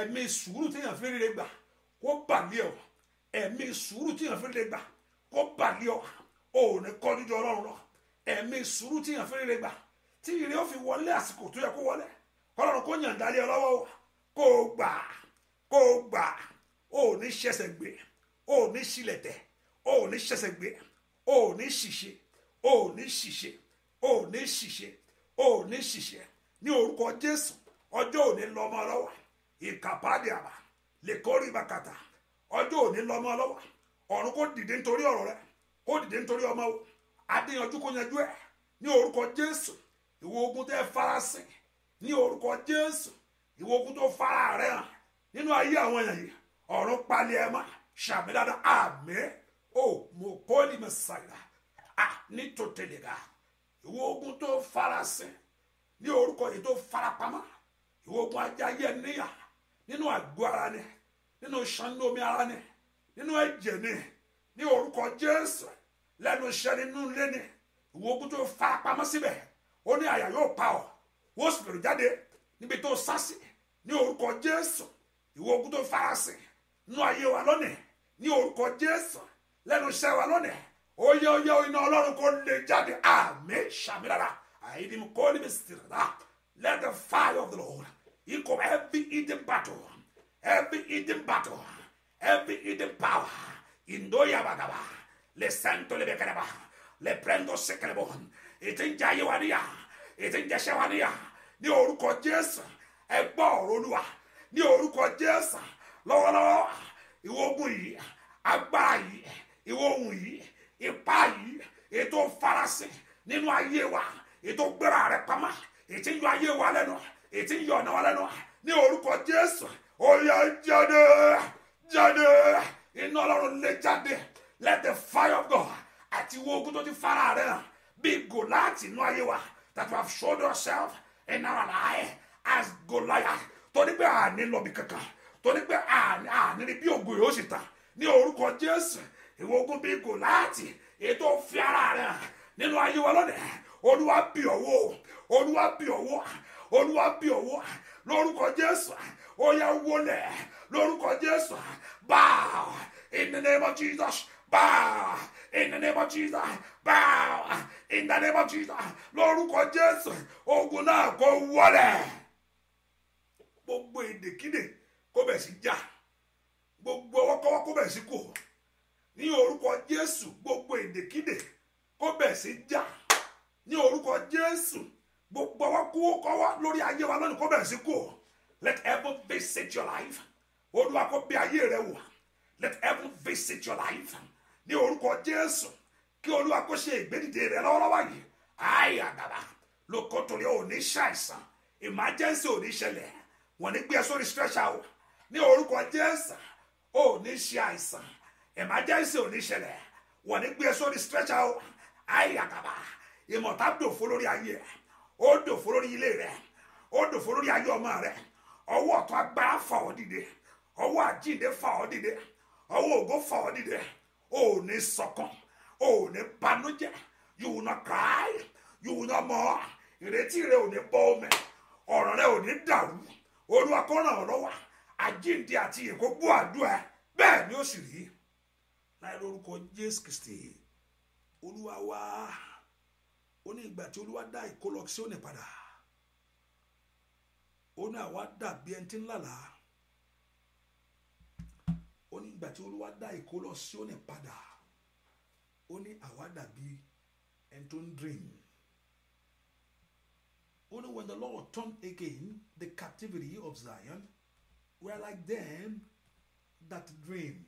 ẹ̀mí sùúrù téèyàn fi rere gbà kó bà lé ọ ẹ̀mí sùúrù téèyàn fi rere gbà kó bà lé ọ òní kọ́ jíjọ ọlọ́run lọ ẹ̀mí sùúrù téèyàn fi rere gbà tí ire ó fi wọlé àsìkò tó yẹ kó wọlé kọ́lọ́run kó yàn dálé ọ lọ́wọ́ kó o gbà kó gbà òní ṣẹ̀ṣẹ̀ gbé òní ṣílẹ̀tẹ̀ òní ṣẹ̀ṣẹ̀ gbé òní ṣìṣe òní ṣìṣe ò ní ṣìṣe ò ní ṣìṣe ní orúkọ jésù ọjọ́ òní lọ́mọ lọ́wọ́ ìkàpáàdì àbá lè kórè bàkàtà ọjọ́ òní lọ́mọ lọ́wọ́ ọ̀run kò dìde nítorí rẹ ko dìde nítorí ọmọ o adéyanjú kò yanjú ẹ ní orúkọ jésù ìwọ ogun tẹ farasin ni orúkọ jesu ìwọ ogun tó fara rẹ hàn nínú ayé àwọn èèyàn yìí ọ̀run palẹ̀ ẹ̀ mọ́ ṣàmì dáadáa àmì ó mọ̀ kọ́lì mẹ́sàgà à ní tòtẹ́lẹ̀ dáa. ìwọ ogun tó farasin ní orúkọ yìí tó farapamọ́ ìwọ ogun ajáyé níyà nínú àgbo ara ni nínú iṣan nínú omi ara ni nínú ẹ̀jẹ̀ ni ní orúkọ jésù lẹ́nu iṣẹ́ nínú ilé ni ìwọ ogun tó farapamọ́ síbẹ̀ ó ní àyà yóò pa ọ́ wọ́n sì bẹ̀rù jáde níbi tó sá sí ní orúkọ jésù ìwọ ogun tó farasin nínú ayé wa lónìí ní orúkọ jésù lẹ́nu iṣẹ́ wa lónìí ó yẹ ó yẹ iná ọlọ́run kó lè jáde àmì sàmì rárá àìdí mi kó níbi sìrì rárá let the fire of the lord equal every hidden battle every hidden battle every hidden power bagaba, le santo le bekereba le prendo sekelebon ètí ń jẹ ayé wa níyà ètí ń jẹṣẹ wa níyà ní orúkọ jésù ẹgbọ́ ọ̀rọ̀ olúwa ní orúkọ jésù lọ́wọ́lọ́wọ́ ìwọ ogun yìí agbára yìí ìwọ ohun yìí ipa yìí ètò farasin nínú ayé wa ètò gbéra rẹ pamọ́ ètí ń yọ ayé wa lẹ́nu ètí ń yọ ọ̀nà wa lẹ́nu ní orúkọ jésù ó jáde jáde iná ọlọ́run lè jáde let the fire of God àti wo ogun tó ti fara rẹ hàn bí Goliath inú ayé wa that you have showed yourself in our life as Goliath tó ní pé àní lọ́bì kankan tó ní pé àní àní ní bí ògùn yóò sì tàn ní orúkọ jésù ìwọ ogun bíi gòláàtì ètò fi ara rẹ hàn nínú ayé wa lónìí olúwa bí ọwọ́ olúwa bí ọwọ́ olúwa bí ọwọ́ lórúkọ jésù ó wọlé lórúkọ jésù bow in the name of jesus bow in the name of jesus bow in the name of jesus lórúkọ jésù ogun náà kó wọlé gbogbo èdèkídè kó bẹ̀ sí jà gbogbo ọwọ́kọ́wọ́ kó bẹ̀ sí kò ní orúkọ jésù gbogbo èdèkídè kó bẹ̀ sí já ní orúkọ jésù gbogbo ọwọ́ kú kọ́wọ́ lórí ayé wa lónìí kó bẹ̀ sí kú let heaven visit your life olúwa kó bí ayé rẹ wò let heaven visit your life ní orúkọ jésù kí olúwa kó ṣe ìgbédìde rẹ lọ́wọ́lọ́wọ́ yìí ayé àdàbà lókòtòlẹ́ òní ṣàìsàn emergency òní ṣẹlẹ̀ wọ́n ní gbé ẹ sórí stretcher o ní orúkọ jésù òní ṣe àìsàn emergency ò ní ṣẹlẹ̀ wọ́n ní gbé sórí stretcher o àyàkàbà ìmọ̀ta dòfo lórí ayé rẹ̀ ó dòfo lórí ilé rẹ̀ ó dòfo lórí ayé ọmọ rẹ̀ ọwọ́ ọ̀tún agbára fà ọ́ dìde ọwọ́ àjíǹde fà ọ́ dìde ọwọ́ ògo fà ọ́ dìde ò ní sọkàn ò ní banújẹ́ you will not cry you will not mourn ìrètí rẹ ò ní bọ́ omi ọ̀rọ̀ rẹ ò ní dàrú olúwa kó ràn ọ́ àjíǹde àti àdúrà bẹ́ẹ̀ ni ó sì rí i. láì lórúkọ Jésù Kristi olúwa wá ó ní ìgbà tí olúwa dá ìkólọ Síónì padà ó ní àwa dàbí ẹni tí ń lálàá ó ní ìgbà tí olúwa dá ìkólọ Síónì padà ó ní àwa dàbí ẹni tó ń dream ó ní when the Lord turned again the captivity of Zion were like them that dream.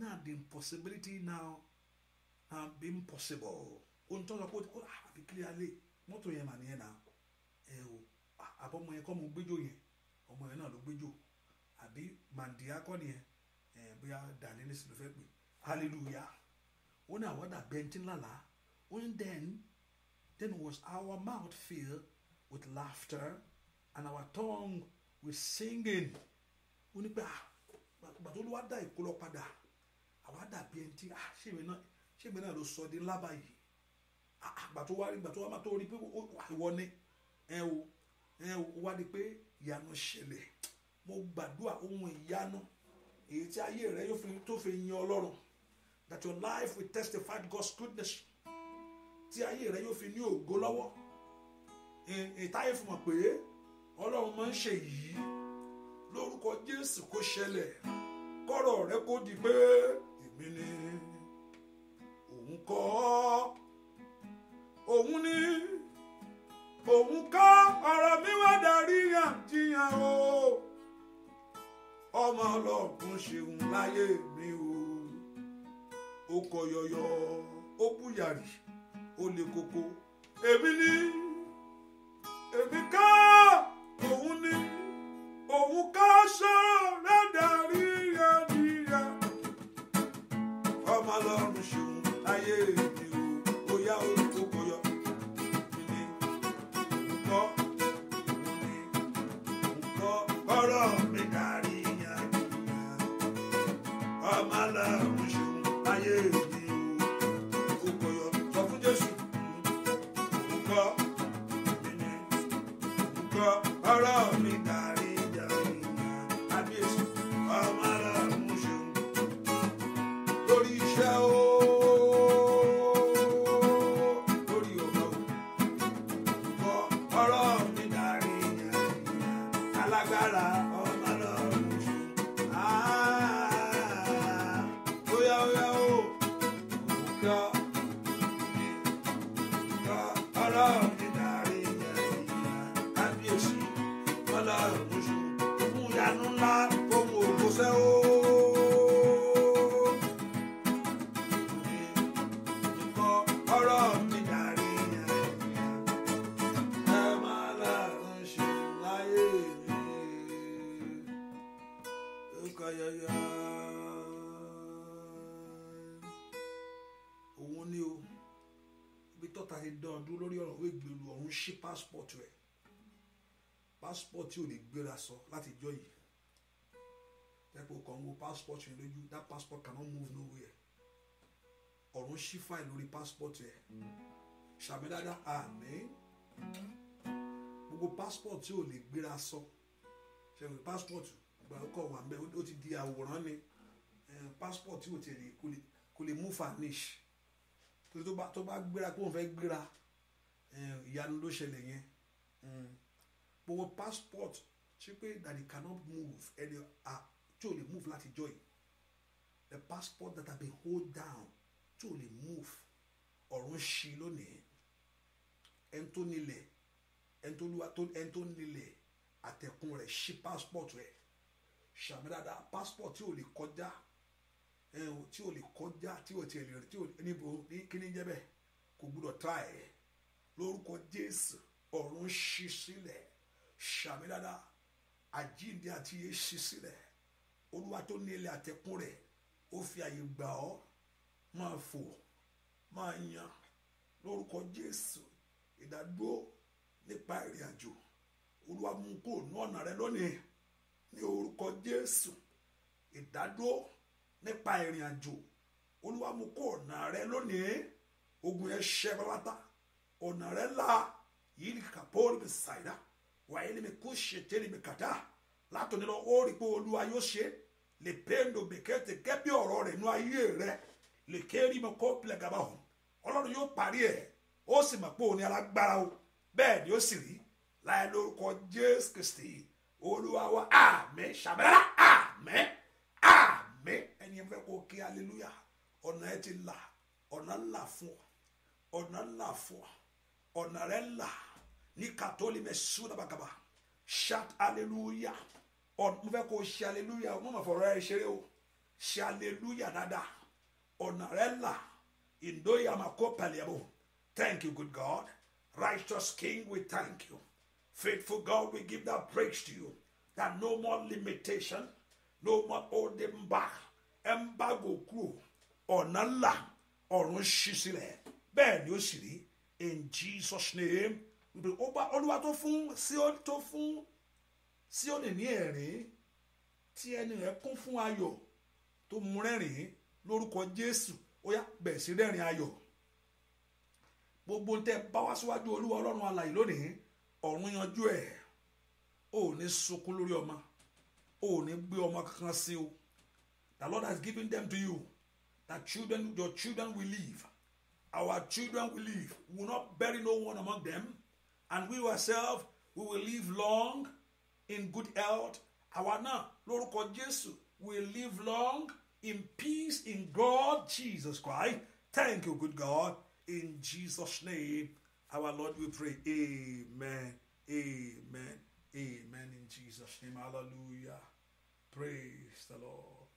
Now the impossibility now na being possible ohun tó ń sọ ah, àbí clearly mọ́tò yẹn mà nìyẹn náà ẹ o àbọ̀mọ yẹn kọ́ mo gbẹ́jọ́ yẹn ọmọ yẹn náà ló gbẹ́jọ́ àbí màndíá kọ́ nìyẹn ẹ bóyá dàníní sì ló fẹ́ pè hallelujah ó ní àwọn dàgbẹ́ ntí ńláńlá ó then then was our mouth filled with laughter and our tongue with singing ó ní pé ah gbàtọ́ ló wá dá ìkólọ́ padà wá dàbí ẹni tí ah, ṣèmi náà ṣèmi náà ló sọ di ńlá báyìí àgbà ah, ah, tó wá rí ìgbà tó wá máa tó rí pé ìwọ ni ẹ o ẹ o wá di pé ìyanu ṣẹlẹ̀ mo gbàdúrà ohun ìyanu èyí tí ayé rẹ yóò fi tó fi yin ọlọ́run that your life will testify God's goodness tí ayé rẹ yóò fi ní ògo lọ́wọ́ ìtayé fi mọ̀ pé ọlọ́run máa ń ṣe yìí lórúkọ Jésù kó ṣẹlẹ̀ kọ́rọ̀ rẹ kó di pé mi ni òun kọ́ òun ni òun kọ́ ọ̀rọ̀ mi wá darí yànjiyàn o ọmọ ọlọ́ọ̀gùn ṣeun láyé mi o ó kọ yọyọ ó búyàrí ó le koko èmi ni èmi ká òun ni òun ká ṣáá. tí ò ní gbéra sọ láti jọ yìí tẹ́pọ̀ kàn wo passport yẹn lójú that passport cannot move nowhere ọ̀run ṣí fáìlì lórí passport yẹn ṣàmì dáadáa àmín gbogbo passport tí ò lè gbéra sọ ṣẹ̀wé passport gba ọkọ̀ wà mẹ́ ó ti di àwòrán ni passport tí ò tiẹ̀ lè kò lè mú fanish tó bá gbéra kó òun fẹ́ gbéra ìyanu ló ṣẹlẹ̀ yẹn. Mm but wọ́n passport ṣe pé that they cannot move ẹni ah, tí ò lè move láti join the passport that have been hold down tí ò lè move ọ̀run ṣí lónìí ẹni tó nílẹ̀ ẹni tó lúwa ẹni tó nílẹ̀ àtẹ̀kùn rẹ̀ ṣí passport rẹ̀ ṣàmì dáadáa passport tí o lè kọjá tí ò lè kọjá tí ò tiẹ̀ lè rìn tí ò níbo ní kíní jẹ́ kò gbúdọ̀ try ẹ̀ lórúkọ Jésù ọ̀run ṣí sílẹ̀ ṣàmì dáadáa àjíǹde àti iye ṣíṣí rẹ̀ olúwa tó ní ilẹ̀ àtẹ̀kùn rẹ̀ ó fi àyè gbà ọ́ máa fò máa yan lórúkọ jésù ìdádúró nípa ìrìn àjò olúwa mú kó nú ọ̀nà rẹ lónìí ní orúkọ jésù ìdádúró nípa ìrìn àjò olúwa mú kó ọ̀nà rẹ lónìí ogun yẹn ṣẹ́ pátápátá ọ̀nà rẹ la yìí kàpọ́ọ̀rì bìsàìdá wàyí lèmi kú ṣètè lèmi kàtà látòní lọ ó rí pé olúwa yóò ṣe lè pèndò bèkẹ́tì kẹ́bí ọ̀rọ̀ rẹ̀ nú ayé rẹ̀ lè kéèrí mi kó pilẹ̀ gaba hù ọlọ́run yóò parí ẹ̀ ó sì mọ̀ pé òun ni alágbára o bẹ́ẹ̀ ni ó sì rí láì lórúkọ jésù kristi olúwa wa àmín ṣàbẹ̀rẹ̀ àmín àmín ẹni ẹ fẹ́ kó kí hallelujah ọ̀nà ẹ ti là ọ̀nà ńlá fún ọ ọ̀nà ńlá fún ọ ọ̀nà rẹ ńlá likatoli mẹsùn abagaba shout hallelujah ọ̀n mo fẹ́ kó o ṣe hallelujah o mo mọ̀ fọ̀rọ̀ ẹ ṣeré o ṣe hallelujah dáadáa ọ̀nà rẹ là ìdóyà máa kó pẹ̀lẹ́bù thank you good God righteous king we thank you faithful God we give that praise to you that no more limitation no more holding back Embargo ń bá gò kúrò ọ̀nà là ọ̀run ṣí sílẹ̀ bẹ́ẹ̀ ni ó sì rí in Jesus name olúwa tó fún Síónì tó fún Síónì ní ẹ̀rín tí ẹni rẹ̀ kún fún ayọ̀ tó mú rẹ́rìn lórúkọ Jésù ó yá bẹ̀rẹ̀ sí rẹ́rìn ayọ̀ gbogbo tẹ bá wá síwájú olúwa ọlọ́run alààyè lónìí ọ̀run yanjú ẹ̀ ò ní sunkún lórí ọmọ ò ní gbé ọmọ kankan sí o the Lord has given them to you that children your children will live our children will live we will not bury no one among them and we ourselves we will live long in good health àwa Lord, god Jesus, we live long in peace in God Jesus Christ thank you good God in Jesus name our Lord we pray amen amen amen in Jesus name hallelujah praise the Lord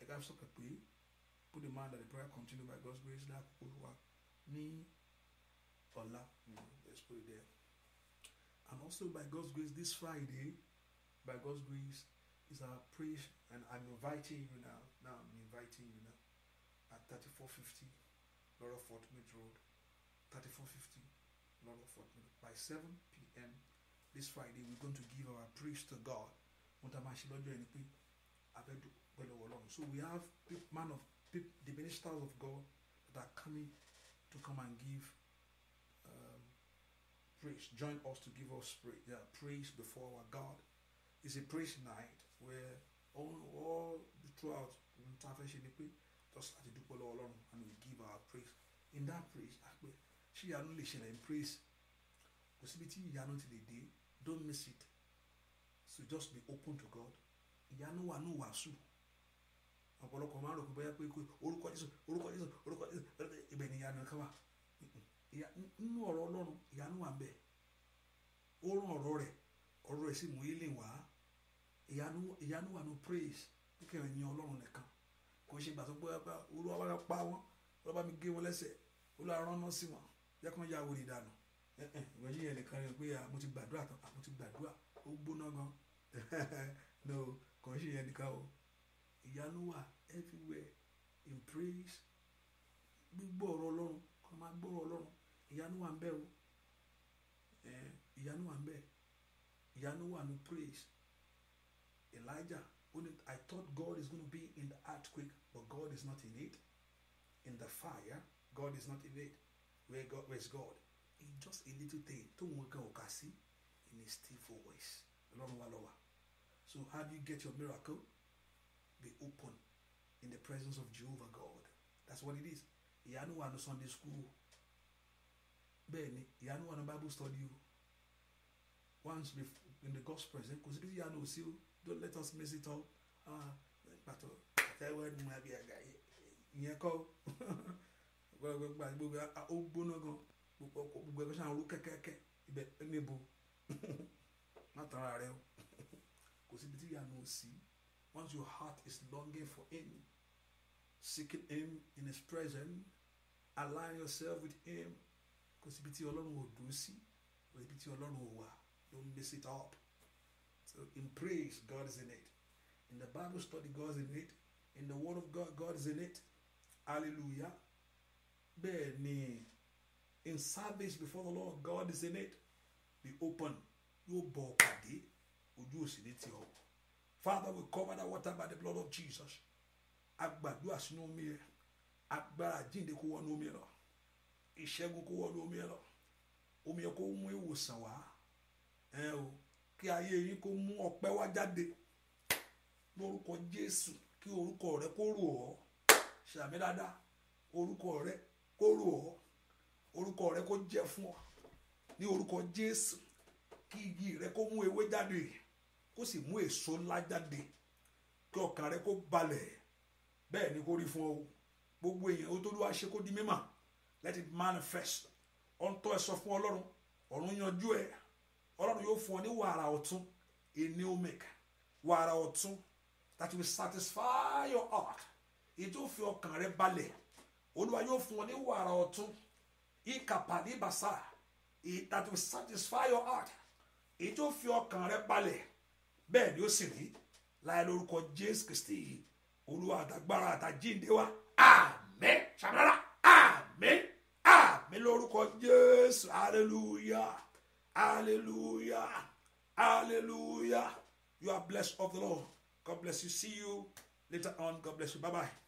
ẹ ká sọ put the that the prayer continue by God's grace Ola. Mm. Let's put it there. And also, by God's grace, this Friday, by God's grace, is our prayer, and I'm inviting you now. Now I'm inviting you now at 3450 Laura Fort Mid Road, 3450 Laura Fort By 7 p.m. this Friday, we're going to give our praise to God. So we have man of the ministers of God that are coming to come and give praise. Join us to give us praise, yeah, praise before our God. It's a praise night where all, all throughout just láti dúpẹ́ lọ́wọ́ ọlọ́run and we give our praise in that praise she only shall lè ṣẹlẹ̀ in praise kò síbi tí ìyanu ti lè don't miss it so just be open to God You ìyanu wà ní wàásù ọ̀pọ̀lọpọ̀ máa ń rò pé bóyá pé orúkọ Jésù orúkọ Jésù orúkọ Jésù ibẹ̀ ni ìyanu kan wà nínú ọ̀rọ̀ ọlọ́run ìyanu wà ń bẹ ó rán ọ̀rọ̀ rẹ̀ ọ̀rọ̀ rẹ̀ sì mú ilé wá ìyanu ìyanu wà nù praise kíkẹ́ ẹ̀yìn ọlọ́run nìkan kò ṣe gbàtọ́ pé olúwa bá pa wọ́n olúwa bá mi gé wọn lẹ́sẹ̀ olúwa rán náà sí wọn yẹ kí wọ́n ya wòlé dànù ìwọ yìí yẹn nìkan rẹ pé mo ti gbàdúrà tán mo ti gbàdúrà ó gbóná gan no kò ṣe yẹn nìkan o ìyanu wà everywhere in praise gbígbọ́ ọ̀rọ̀ ọlọ́run kò máa gbọ́ ọ̀rọ̀ ọlọ́run ìyanu wà ń bẹ o ìyanu wà ń ìyanu wà ní praise Elijah only I thought God is gonna be in the earthquake but God is not in it in the fire God is not in it where God where is God in just a little thing tó wọn kan ò sí in a still voice ọlọ́run wa so how do you get your miracle be open in the presence of Jehovah God that's what it is ìyanu wà ní Sunday school bẹ́ẹ̀ ni ìyanu wà ní bible study o once in the God's present kò sí bí ìyanu ò sí o don't let us miss it all ah, pàtó àtẹwẹ́ nu àbí àgbà ìyẹn kọ́ gbogbo gbogbo ó gbóná gan gbogbo ẹgbẹ́ sàn rú kẹ́kẹ́kẹ́ ibẹ̀ níbo má tán ara rẹ o kò síbi tí ìyanu ò sí once your heart is longing for him seeking him in his presence align yourself with him kò síbi tí ọlọ́run ò dúró sí kò síbi tí ọlọ́run ò wà don't mess it up so in praise God is in it in the Bible study God is in it in the word of God God is in it hallelujah bẹ́ẹ̀ ni in service before the Lord God is in it be open yóò bọ̀ pàdé ojú òsì ní tiọ̀ Father we cover that water by the blood of Jesus agbàdo àsínú omi rẹ agbára jíǹde kó wọnú omi rẹ ìṣẹ́gun kó wọlé omi ẹ lọ omi ẹ kó mú ìwòsàn wá ẹ o kí ayé yín kó mú ọpẹ́ wá jáde lórúkọ Jésù kí orúkọ rẹ kó rò ọ ṣàmì dáadáa orúkọ rẹ kó rò ọ orúkọ rẹ kó jẹ́ fún ọ ní orúkọ Jésù kí igi rẹ kó mú ewé jáde kó sì mú èso ńlá jáde kí ọkàn rẹ kó balẹ̀ bẹ́ẹ̀ ni kó rí fún ọ gbogbo èèyàn ó tó lù wá ṣe kó di mímọ́ let it manifest ọ̀ntọ́ ẹ̀sọ́ fún ọlọ́run ọ̀run yanjú ẹ̀ ọlọ́run yóò fún ọ ní wàrà ọ̀tún ẹni omega wàrà ọ̀tún that will satisfy your heart ètò òfin ọkàn rẹ balẹ̀ olúwa yóò fún ọ ní wàrà ọ̀tún ìkàpà ní bàṣà that will satisfy your heart ètò òfin ọkàn rẹ balẹ̀ bẹ́ẹ̀ ni ó sì rí láì lórúkọ Jésù Kristi olúwa àtàgbára àtàjíǹde wa àmín ṣàmìlára lórúkọ jésù hallelujah hallelujah hallelujah you are blessed of the lord god bless you see you later on god bless you bye bye.